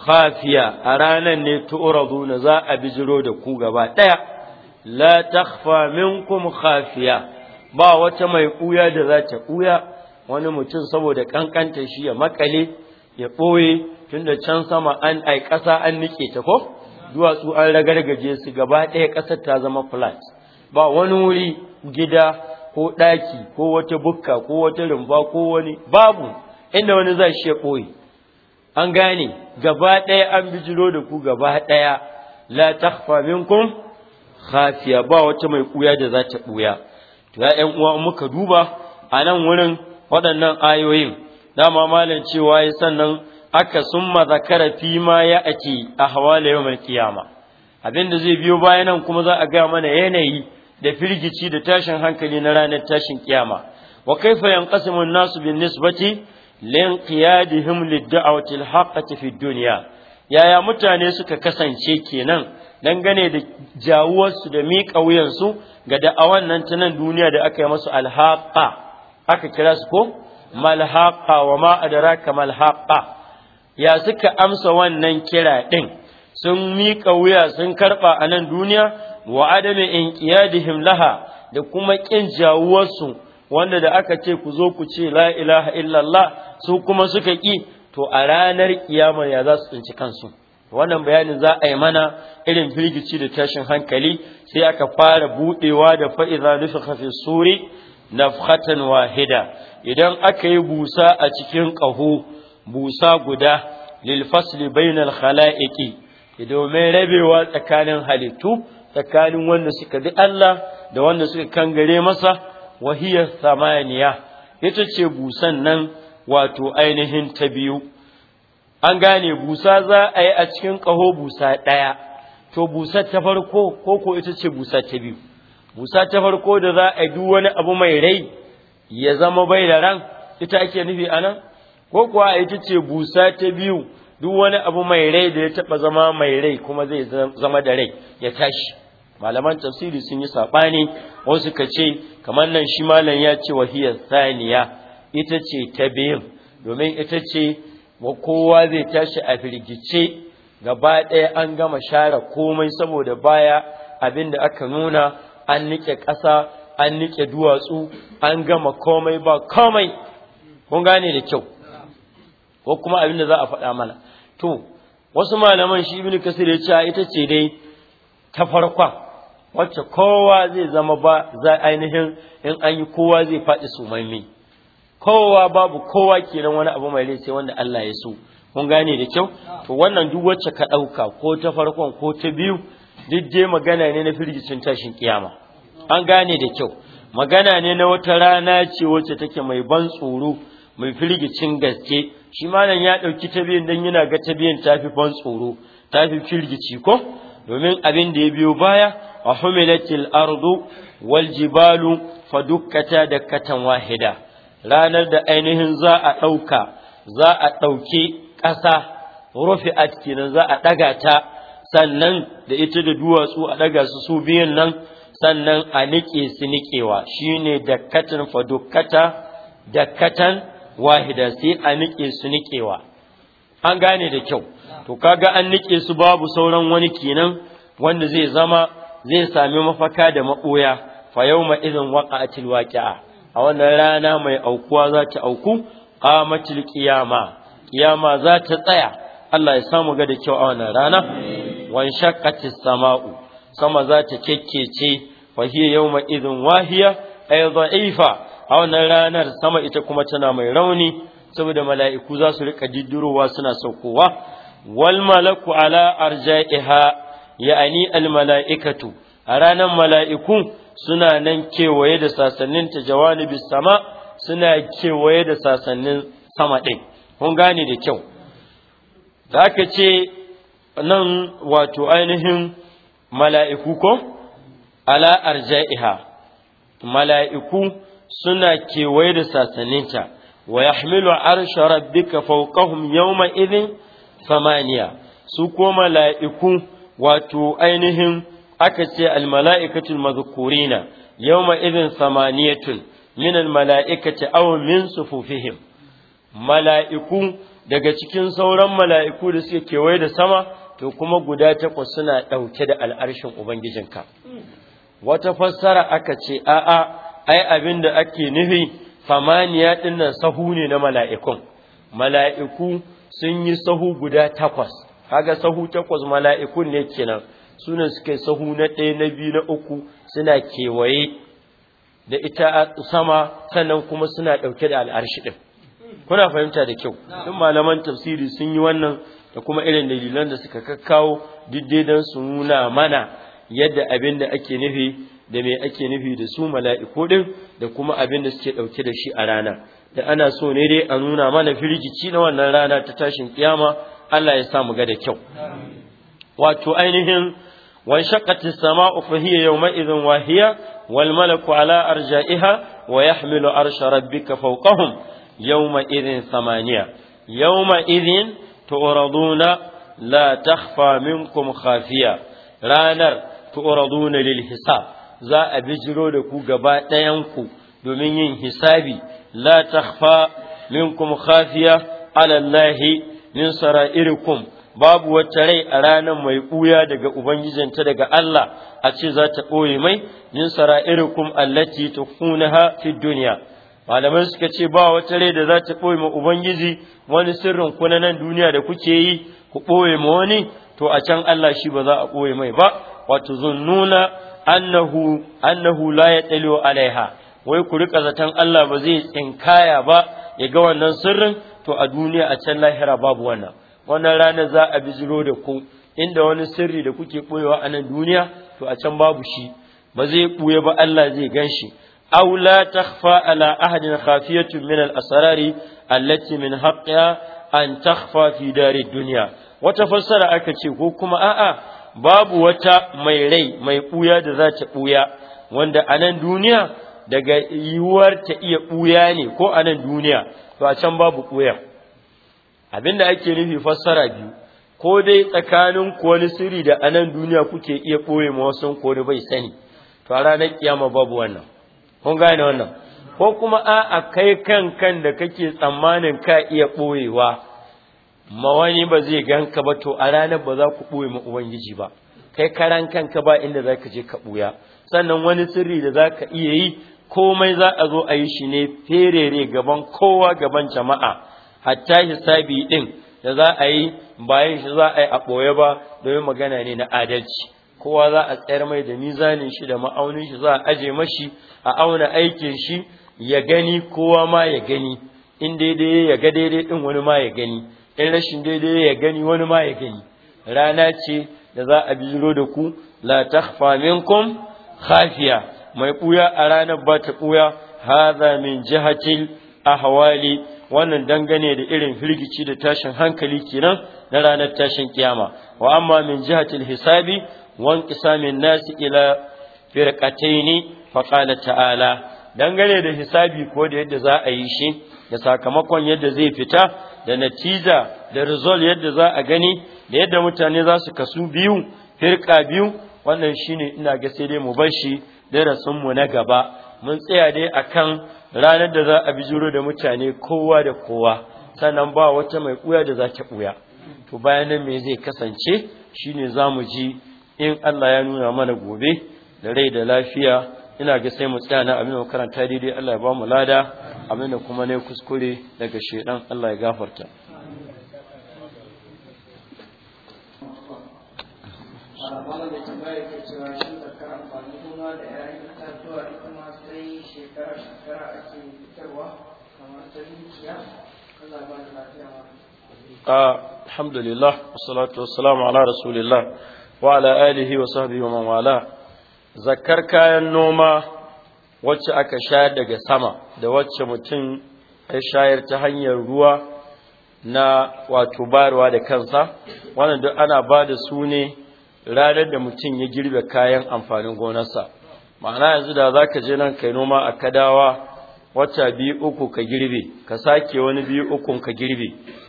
khafiya a ranan ne tu'raduna za a bijiro da ku gaba daya la takhfa minkum khafiya ba wata mai kuya da za ta kuya wani mutum saboda kankanta shi ya makale ya ɓoye tunda can sama an ai ƙasa an nike ta ko duwatsu an ragargaje su gaba ɗaya ƙasar ta zama flat ba wani wuri gida ko ɗaki ko wata bukka ko wata rumba ko wani babu inda wani zai shi ya ɓoye an gane gaba ɗaya an bijiro da ku gaba ɗaya la takhfa minkum khafiya ba wata mai kuya da za ta ɓuya to ya ƴan uwa muka duba a nan wurin waɗannan ayoyin dama malam cewa ya sannan haka sun zakara fi ma ya ake a hawa hawala mai kiyama abin da zai biyo bayan nan kuma za a gaya mana yanayi da firgici da tashin hankali na ranar tashin kiyama wa kaifa yanqasimu an-nasu bin nisbati linqiyadihim lid-da'wati al fi dunya yaya mutane suka kasance kenan dangane da jawuwarsu da miƙa wuyansu ga da'awan nan ta nan duniya da aka yi masu alhaqa aka kira su ko malhaqa wa ma adraka malhaqa ya suka amsa wannan kira ɗin sun miƙa wuya sun karɓa a nan duniya wa adami in qiyadihim laha da kuma ƙin jawuwarsu wanda da aka ce ku zo ku ce la ilaha illallah su kuma suka ƙi to a ranar kiyama ya za su tsinci kansu wannan bayanin za a yi mana irin firgici da tashin hankali sai aka fara buɗewa da fa'iza nufi fi suri nafhatan wahida idan aka yi busa a cikin ƙaho busa guda lil fasli bainal khala'iqi domin rabewa tsakanin halittu tsakanin wanda suka bi Allah da wanda suka kangare masa wahiya samaniya ita ce busan nan wato ainihin ta biyu an gane busa za a yi a cikin ƙaho busa ɗaya to busa ta farko ko ko ita ce busa ta biyu busa ta farko da za a yi duk wani abu mai rai ya zama bai da ran ita ake nufi anan ko kuwa ita ce busa ta biyu duk wani abu mai rai da ya taɓa zama mai rai kuma zai zama da rai ya tashi malaman tafsiri sun yi saɓani wasu suka ce kamar nan shi malam ya ce wahiyar saniya ita ce ta biyun domin ita ce wa kowa zai tashi a firgice gaba ɗaya an gama share komai saboda baya abin da aka nuna an niƙe ƙasa an niƙe duwatsu an gama komai ba komai kun gane da kyau ko kuma abin da za a faɗa mana to wasu malaman shi ibnu kasir ya ce ita ce dai ta farkon wacce kowa zai zama ba za ainihin in an yi kowa zai faɗi sumaimi kowa babu kowa kenan wani abu mai rai wanda Allah ya so kun gane da kyau to wannan duk wacce ka ɗauka ko ta farkon ko ta biyu duk dai magana ne na firgicin tashin kiyama an gane da kyau magana ne na wata rana ce wacce take mai ban tsoro mai firgicin gaske shi malam ya ɗauki ta biyan don yana ga ta biyan tafi ban tsoro tafi firgici ko domin abin da ya biyo baya a humilatil ardu wal jibalu fadukkata da katan wahida ranar da ainihin za a dauka za a ɗauki ƙasa rufi'at kenan za a ɗaga ta sannan da ita da duwatsu a ɗaga su su biyan nan sannan a niƙe su niƙewa shine dakkatan fadukkata dakkatan wahida sai a nike su nikewa an gane da kyau to kaga an nike su babu sauran wani kenan wanda zai zama zai sami mafaka da maboya fa yawma idhin waqa'atil waqi'a a wannan rana mai aukuwa za ta auku qamatil qiyama qiyama za ta tsaya Allah ya samu ga da kyau a wannan rana wan shaqqatis sama'u sama za ta kekkece fa hiya yawma idhin wahiya ay dha'ifa a wannan ranar sama ita kuma tana mai rauni saboda mala'iku za su rika diddirowa suna saukowa wal malaku ala arja'iha ya'ani al mala'ikatu a ranar mala'iku suna nan kewaye da sasannin ta jawanibi sama suna kewaye da sasannin sama ɗin kun gane da kyau da aka ce nan wato ainihin mala'iku ko ala arja'iha mala'iku suna kewaye da sasaninta wa ya yahmilu arsha rabbika fawqahum yawma idhin samaniya su ko mala'iku wato ainihin aka ce al mazkurina yawma idhin samaniyatun min al mala'ikati aw min sufufihim mala'iku daga cikin sauran mala'iku da suke kewaye da sama to kuma guda takwas suna ɗauke da al'arshin Ubangijinka. Hmm. Wata fassara aka ce, a'a, ai abin da ake nufi famaniya dinnan sahu ne na mala'ikun mala'iku sun yi sahu guda takwas kaga sahu takwas mala'ikun ne kenan suna suke sahu na ɗaya na biyu na uku suna kewaye da ita sama sannan kuma suna ɗauke da al'arshi ɗin kuna fahimta da kyau Tun malaman tafsiri sun yi wannan da kuma irin dalilan da suka kakkawo diddai don su nuna mana yadda abin da ake nufi da me ake nufi da su mala'iku ɗin da kuma abin da suke ɗauke da shi a rana da ana so ne dai a nuna mana firgici na wannan rana ta tashin kiyama Allah ya sa ga da kyau wato ainihin wan shaqqati samau fa hiya yawma idhin wahiya wal malaku ala arja'iha wa yahmilu arsha rabbika fawqahum yawma idhin samaniya yawma idhin tu'raduna la takhfa minkum khafiya ranar tu'raduna lil hisab za a bijiro da ku gaba ɗayanku domin yin hisabi la fa minkum khafiya ala Allah min sara'irikum babu wata rai a ranar mai ɓuya daga ubangijinta daga Allah a ce za ta ɓoye mai min sara'irikum allati tukunaha fi duniya malamai suka ce ba wata rai da za ta ɓoye ma ubangiji wani sirrin kuna nan duniya da kuke yi ku ɓoye ma wani to a can Allah shi ba za a ɓoye mai ba wato zunnuna annahu annahu la yataliu alaiha wai ku rika zaton Allah ba zai tsinkaya ba ya ga wannan sirrin to a duniya a can lahira babu wannan wannan rana za a bi biziro da ku inda wani sirri da kuke boyewa a nan duniya to a can babu shi ba zai buye ba Allah zai gan shi aw la takhfa ala ahadin khafiyatun min al asrari allati min haqqiha an takhfa fi dari dunya wata fassara aka ce ko kuma a'a babu wata mai rai mai ɓuya da za ta ɓuya wanda a nan duniya daga yiwuwar ta iya ɓuya ne ko a nan duniya to a can babu ɓuya abinda ake nufi fassara biyu ko dai tsakanin wani sirri da a nan duniya kuke iya ɓoye ma wasu ko bai sani to a ranar kiyama babu wannan kun gane wannan ko kuma a'a kai kan kan da kake tsammanin ka iya ɓoyewa mawani ba zai ka ba to a ranar ba za ku ɓoye ma ubangiji ba kai karan kanka ba inda za ka je ka ɓuya sannan wani sirri da za ka iya yi komai za a zo a yi shi ne ferere gaban kowa gaban jama'a hatta hisabi ɗin da za a yi bayan shi za a yi a ɓoye ba domin magana ne na adalci kowa za a tsayar mai da mizanin shi da ma'aunin shi za a aje mashi a auna aikin shi ya gani kowa ma ya gani in daidai ya ga daidai ɗin wani ma ya gani in rashin daidai ya gani wani ma ya gani rana ce da za a biro da ku la takhfa minkum khafiya mai buya a ranar ba ta buya hadha min jihatil ahwali wannan dangane da irin firgici da tashin hankali kenan na ranar tashin kiyama wa amma min jihatil hisabi wan min nasi ila firqataini ne, qala ta'ala dangane da hisabi ko da yadda za a yi shi da sakamakon yadda zai fita da natija da result yadda za a gani da yadda mutane za su kasu biyu firka biyu wannan shine ina ga sai dai mu bar shi darasin mu na gaba mun tsaya dai akan ranar da za a bijiro da mutane kowa da kowa sannan ba wata mai kuya da za ta kuya to bayan nan me zai kasance shine zamu ji in Allah ya nuna mana gobe da rai da lafiya ina ga sai mu tsaya na abin da karanta daidai Allah ya ba mu lada abin da kuma ne kuskure daga shedan Allah ya gafarta alhamdulillah wasalatu wassalamu ala rasulillah wa ala alihi wa sahbihi wa man wala zakar kayan noma wacce aka shayar daga sama da wacce mutum ya shayar ta hanyar ruwa na wato bayarwa da kansa wannan duk ana ba da su ne ranar da mutum ya girbe kayan amfanin gonarsa ma'ana yanzu da za ka je nan kai noma a kadawa wata biyu uku ka girbe ka sake wani biyu uku ka girbe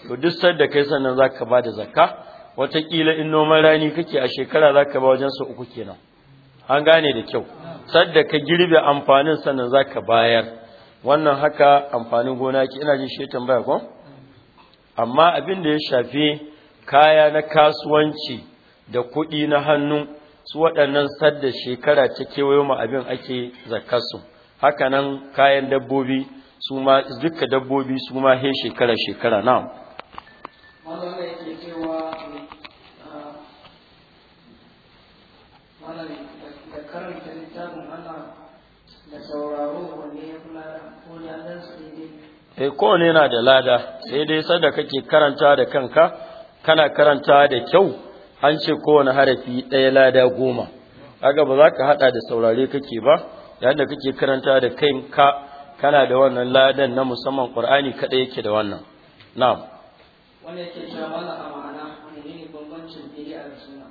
to duk sadda kai sannan za ka ba da zakka wataƙila in noman rani kake a shekara za ka ba wajen su uku kenan an gane da kyau sadda ka girbe amfanin sannan ka bayar wannan haka amfanin gona ki ina jin shi tambaya ko amma abin da ya shafi kaya na kasuwanci da kuɗi na hannu su waɗannan sadda shekara ta kewayo ma abin ake haka nan kayan dabbobi su ma duka dabbobi su ma he shekara shekara na'am kowane yana da lada sai dai sanda kake karanta da kanka kana karanta da kyau an ce kowane harafi ɗaya lada goma aga ba za ka haɗa da saurare kake ba yadda kake karanta da kanka kana da wannan ladan na musamman Qur'ani kaɗai yake da wannan na'am wanda yake cewa mala amana menene bambancin bid'a da sunna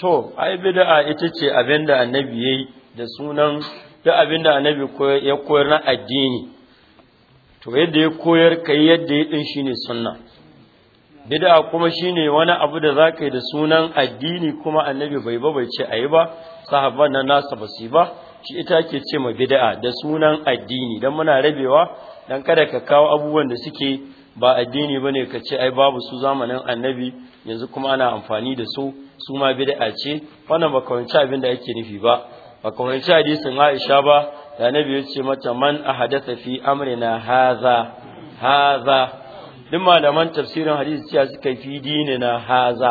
to ai bid'a ita ce abinda annabi yayi da sunan da abinda annabi ya koyar na addini to yadda ya koyar ka yi yadda ya shi ne sunna bid'a kuma shine wani abu da zaka yi da sunan addini kuma annabi bai ba bai ce ayi ba sahabban na nasa basu ba shi ita ke ce ma bid'a da sunan addini don muna rabewa dan kada ka kawo abubuwan da suke ba addini ba ne ka ce ai babu su zamanin annabi yanzu kuma ana amfani da su su ma bid'a ce wannan ba abin da ake nufi ba ba kawance hadisin Aisha ba da nabi ya ce mata man ahadatha fi amrina haza haza duk malaman tafsirin hadisi cewa suka fi dinina haza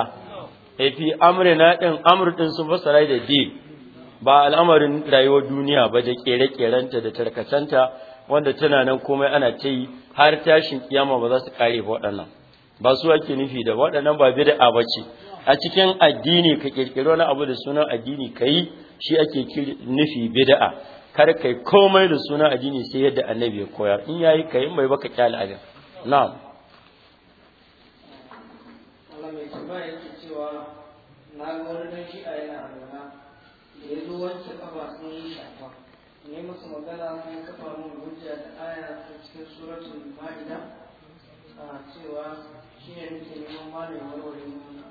eh fi amrina din amr din sun fassara da di ba al'amarin rayuwar duniya ba da kere-kerenta da tarkacenta wanda tana nan komai ana ta yi har tashin kiyama ba za su kare ba waɗannan ba su ake nufi da waɗannan ba bid'a ba ce a cikin addini ka kirkiri wani abu da sunan addini ka yi shi ake nufi bida'a. kar kai komai da suna addini sai yadda annabi ya koya, in yayi kai mai baka kyale abin na'am Allah mai tsaba yake cewa na ga wani dan shi a yana alwana da ya zo kafa sun yi shafa ne musu magana mun kafa mun hujja da aya ta cikin suratul ma'ida a cewa shine nake neman malamin warware mun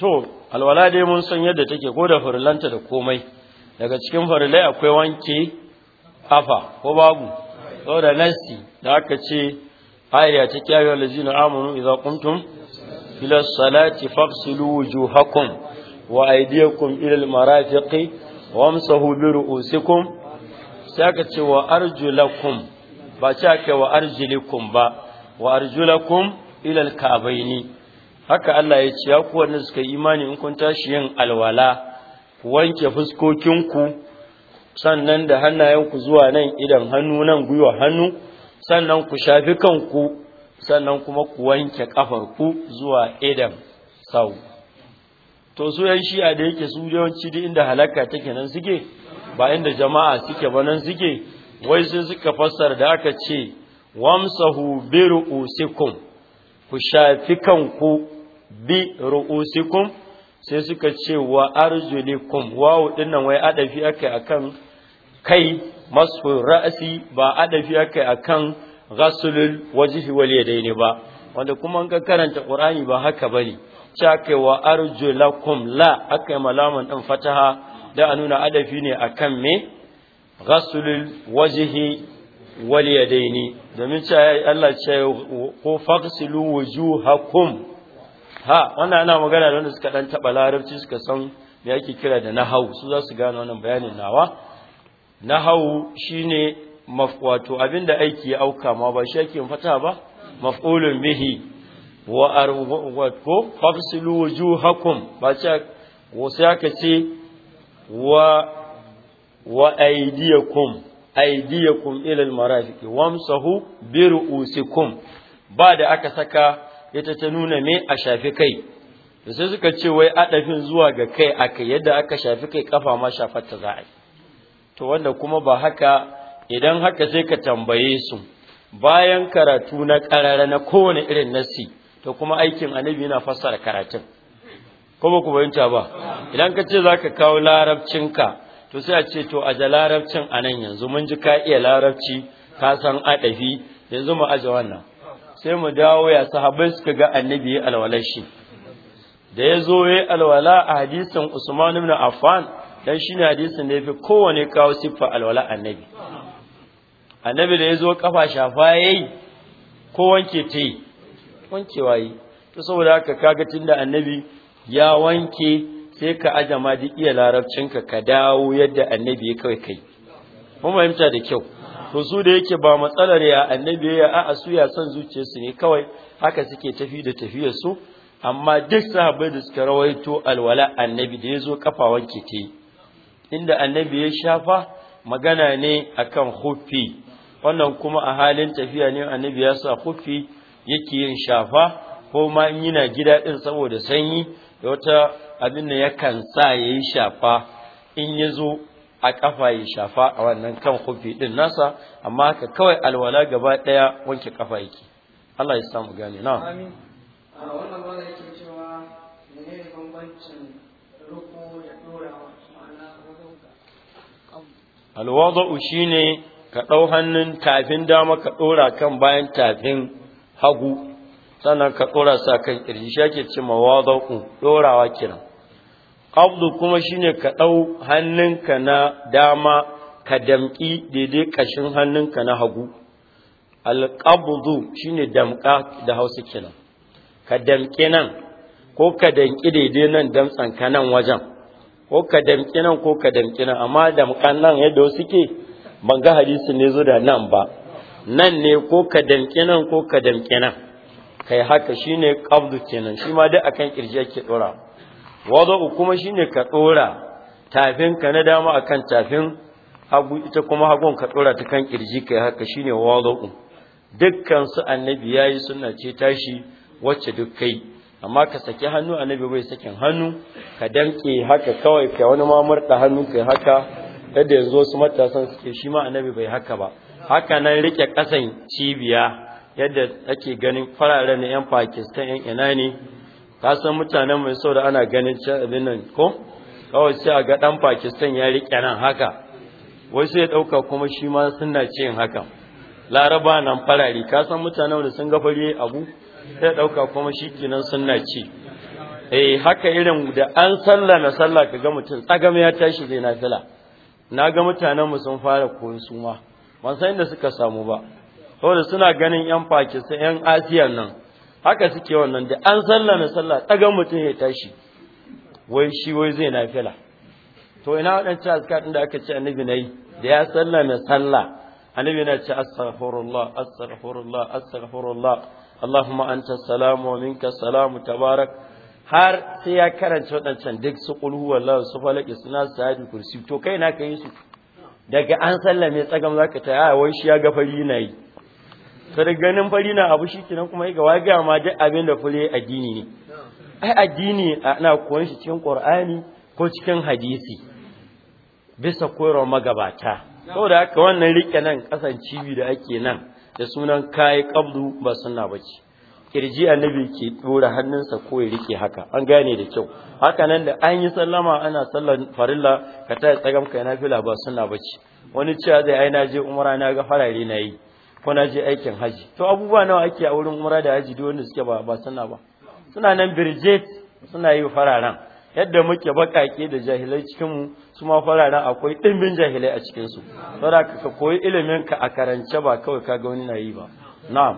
to alwala dai mun san yadda take ko da furlanta da komai daga cikin farilai akwai wanke afa ko babu So da nasi da aka ce ayya ta kiyaye lazina amanu idza qumtum ila salati fafsilu wujuhakum wa aydiyakum ila wa amsahu bi ru'usikum sai aka ce wa arjulakum ba ce aka wa arjulikum ba wa arjulakum ila alkabaini haka Allah ya ce ya ku wanda suka imani in kun tashi yin alwala ku wanke fuskokinku sannan da hannayenku zuwa nan idan hannu nan gwiwa hannu sannan ku shafi kanku sannan kuma ku wanke ƙafarku zuwa idan sau to su yan shi'a da yake su yawanci da inda halaka take nan suke ba inda jama'a suke ba nan suke wai sai suka fassara da aka ce wamsahu bi ru'usikum ku shafi kanku bi ru'usikum sai suka ce wa arzulikum wawu dinnan wai adafi akai akan kai masu ra'asi ba adafi akai akan ghaslul wajhi wal yadaini ba wanda kuma ga karanta qur'ani ba haka bane cewa kai wa arjulakum la akai malaman din fataha da a nuna adafi ne akan me ghaslul wajhi wal yadaini domin cewa Allah ce ko faqsilu wujuhakum ha wannan ana magana da wanda suka dan taba larabci suka san me ake kira da nahau su za su gane wannan bayanin nawa nahau shine mafwato abinda aiki ya auka ma ba shi ake fata ba maf'ulun bihi wa arwatko fafsilu wujuhakum ba ce wasu aka ce wa wa aydiyakum aydiyakum ila almarafiq wamsahu bi ru'usikum ba da aka saka ita ta nuna me a shafi kai da sai suka ce wai adafin zuwa ga kai aka yadda aka shafi kai kafa ma shafar ta za to wanda kuma ba haka idan haka sai ka tambaye su bayan karatu na karara na kowane irin nasi to kuma aikin annabi yana fassara karatun ko ba ku bayanta ba idan ka ce zaka kawo larabcinka to sai a ce to a ja larabcin anan yanzu mun ji ka iya larabci ka san adafi yanzu mu aje wannan sai mu dawo ya sahabbai suka ga annabi ya shi da ya zo ya alwala a hadisin Usman ibn Affan dan shine hadisin da yafi kowane kawo siffa alwala annabi annabi da ya zo kafa shafa yayi ko wanke ta yi wankewa yi to saboda haka kaga tunda annabi ya wanke sai ka aje ma duk iya larabcinka ka dawo yadda annabi ya kai kai mun fahimta da kyau Wasu da yake ba matsalar ya annabi ya a'a su ya san zuciyarsu ne kawai haka suke tafi da tafiyar su amma duk sahabbai da suka rawaito alwala annabi da yazo kafa wanke te inda annabi ya shafa magana ne akan hufi wannan kuma a halin tafiya ne annabi ya sa hufi yake yin shafa ko ma in yana gida din saboda sanyi da wata abin da yakan sa yayi shafa in yazo a ƙafa ya shafa a wannan kan kufi din nasa amma haka kawai alwala gaba ɗaya wanke kafa yake Allah ya samu gane na amin shine ka dau hannun tafin dama ka ɗora kan bayan tafin hagu sannan ka dora sa kan kirji shi ake cewa wadu dorawa kiran qabdu kuma shine ka ɗau hannunka na dama ka damƙi daidai ƙashin hannunka na hagu alqabdu shine damƙa da Hausa kenan ka damƙi nan ko ka damƙi daidai nan damtsan ka nan wajen ko ka damƙi nan ko ka damƙi nan amma damƙan nan yadda suke ban ga hadisi ne zo da nan ba nan ne ko ka damƙi nan ko ka damƙi nan kai haka shine qabdu kenan shi ma duk akan ƙirji ake dora wada'u kuma shine ka tsora tafin ka na dama akan tafin hagu ita kuma hagun ka tsora ta kan kirji kai haka shine wada'u dukkan su annabi yayi sunna ce tashi wacce duk kai amma ka saki hannu annabi bai sakin hannu ka danke haka kawai kai wani ma murda hannu kai haka yadda yanzu wasu matasan suke shi ma annabi bai haka ba haka nan rike kasan cibiya yadda ake ganin fararen yan Pakistan yan ina ne ka san mutanen mai sau da ana ganin abin nan ko kawai sai a ga dan pakistan ya riƙe nan haka wai sai ya ɗauka kuma shi ma suna ce yin hakan laraba nan farari ka san mutanen da sun ga fari abu sai ɗauka kuma shi kenan suna ci eh haka irin da an sallah na sallah ka ga mutum tsagam ya tashi zai na fila na ga mutanen mu sun fara koyon su ma ban san inda suka samu ba saboda suna ganin yan pakistan yan asiya nan haka suke wannan da an na sallah ɗagan mutum ya tashi wai shi wai zai nafila to ina wadancan azkar din da aka ce annabi nayi da ya na sallah annabi yana ce astaghfirullah astaghfirullah astaghfirullah Allahumma anta salam wa minka salam tabarak har sai ya karanta wadancan duk su qul huwallahu su falaki suna sa'adi kursi to kai na kai su daga an sallame tsagam zaka ta ah, wai shi ya gafari nayi to ganin fari na abu shi kenan kuma ga waga ma duk abin da fure addini ne ai addini ana koyon shi cikin qur'ani ko cikin hadisi bisa koyarwa magabata saboda aka wannan rike nan kasan cibi da ake nan da sunan kai qabdu ba sunna bace kirji annabi ke dora hannunsa ko ya rike haka an gane da kyau haka nan da an yi sallama ana sallar farilla ka ta tsagam kai na fila ba sunna bace wani cewa zai ai na je umara na ga farare na yi ko na je aikin haji to abubuwa nawa ake a wurin umra da haji duk wanda suke ba ba suna ba suna nan birjet suna yi fararan yadda muke bakake da jahilai cikin mu su ma fararan akwai dimbin jahilai a cikin su saboda ka koyi ilimin ka a karance ba kawai ka ga wani na yi ba na'am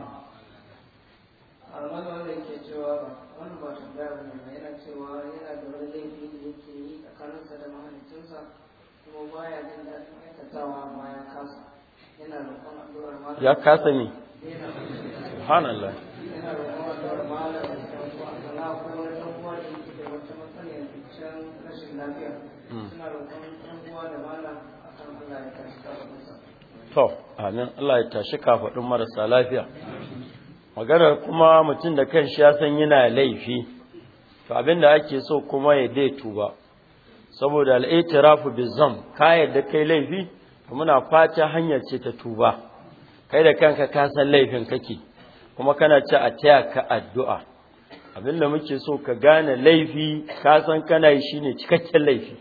ya kasa ne subhanallah hmm. to amin Allah ya tashi kafaɗin marasa lafiya maganar kuma mutum da kan shi ya san yana laifi to abin abinda ake so kuma ya dai tuba saboda al'itirafu bizam ka yadda kai laifi muna fata hanyar ce ta tuba kai da kanka ka san laifin kake kuma kana ci a taya ka addu'a Abin da muke so ka gane laifi ka san kana yi shine cikakken laifi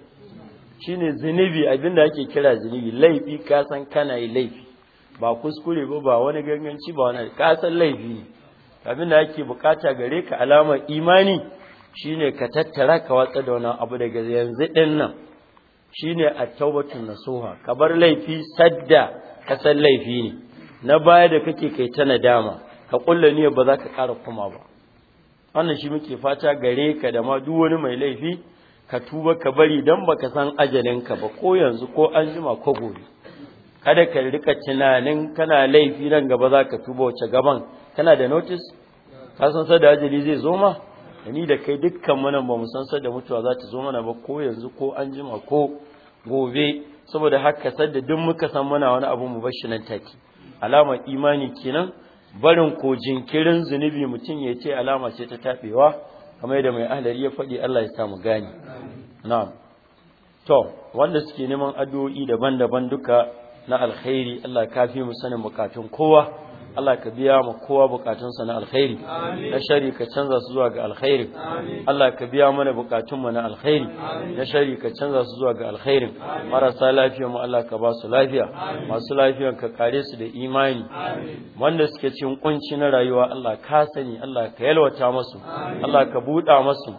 shine zunubi da ake kira zunubi laifi ka san kana yi laifi ba kuskure ba ba wani ganganci ba wani ka san laifi ne da ake bukata gare ka alamar imani shine ka tattara ka watsa da wani abu daga yanzu din nan shine a taubatun nasuha ka bar laifi sadda ka san laifi ne na baya da kake kai ta nadama ka kulla niyyar ba za ka ƙara kuma ba wannan shi muke fata gare ka da ma duk wani mai laifi ka tuba ka bari dan baka san ajalinka ba ko yanzu ko an jima ko gobe kada ka rika tunanin kana laifi nan gaba za ka tuba wace gaban kana da notice ka san sada ajali zai zo ma ni da kai dukkan mana ba mu san sada mutuwa za ta zo mana ba ko yanzu ko an jima ko gobe saboda haka sadda duk muka san muna wani abu mu bar shi nan take alamar imani kenan barin ko jinkirin zunubi mutum ya ce alama ce ta taɓewa kamar yadda mai ahlari ya faɗi Allah ya samu gani na'am to wanda suke neman addu'o'i daban-daban duka na alkhairi Allah kafi mu sanin bukatun kowa Allah ka biya ma kowa bukatunsa na alkhairi na shari ka canza su zuwa ga alkhairi Allah ka biya mana mu na alkhairi na shari ka canza su zuwa ga alkhairi marasa lafiya mu Allah ka ba su lafiya masu lafiyan ka kare su da imani wanda suke cikin kunci na rayuwa Allah ka sani Allah ka yalwata masu Allah ka buɗa masu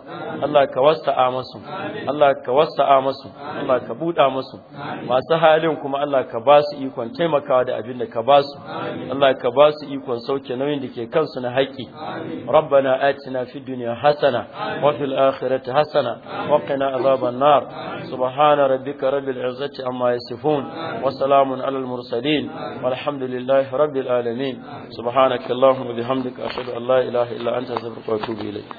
Allah ka wasa'a masu Allah ka wasa'a masu Allah ka buɗa masu masu halin kuma Allah ka ba su ikon taimakawa da abin da ka ba su Allah ka ba su ikon sauke nauyin da ke kansu na haƙi rabbana atina fi duniya hasana wa fil akhirati hasana wa qina azaban nar subhana rabbika rabbil izzati amma yasifun wa salamun alal mursalin walhamdulillahi rabbil alamin subhanaka allahumma bihamdika ashhadu an la ilaha illa anta astaghfiruka wa atubu ilayk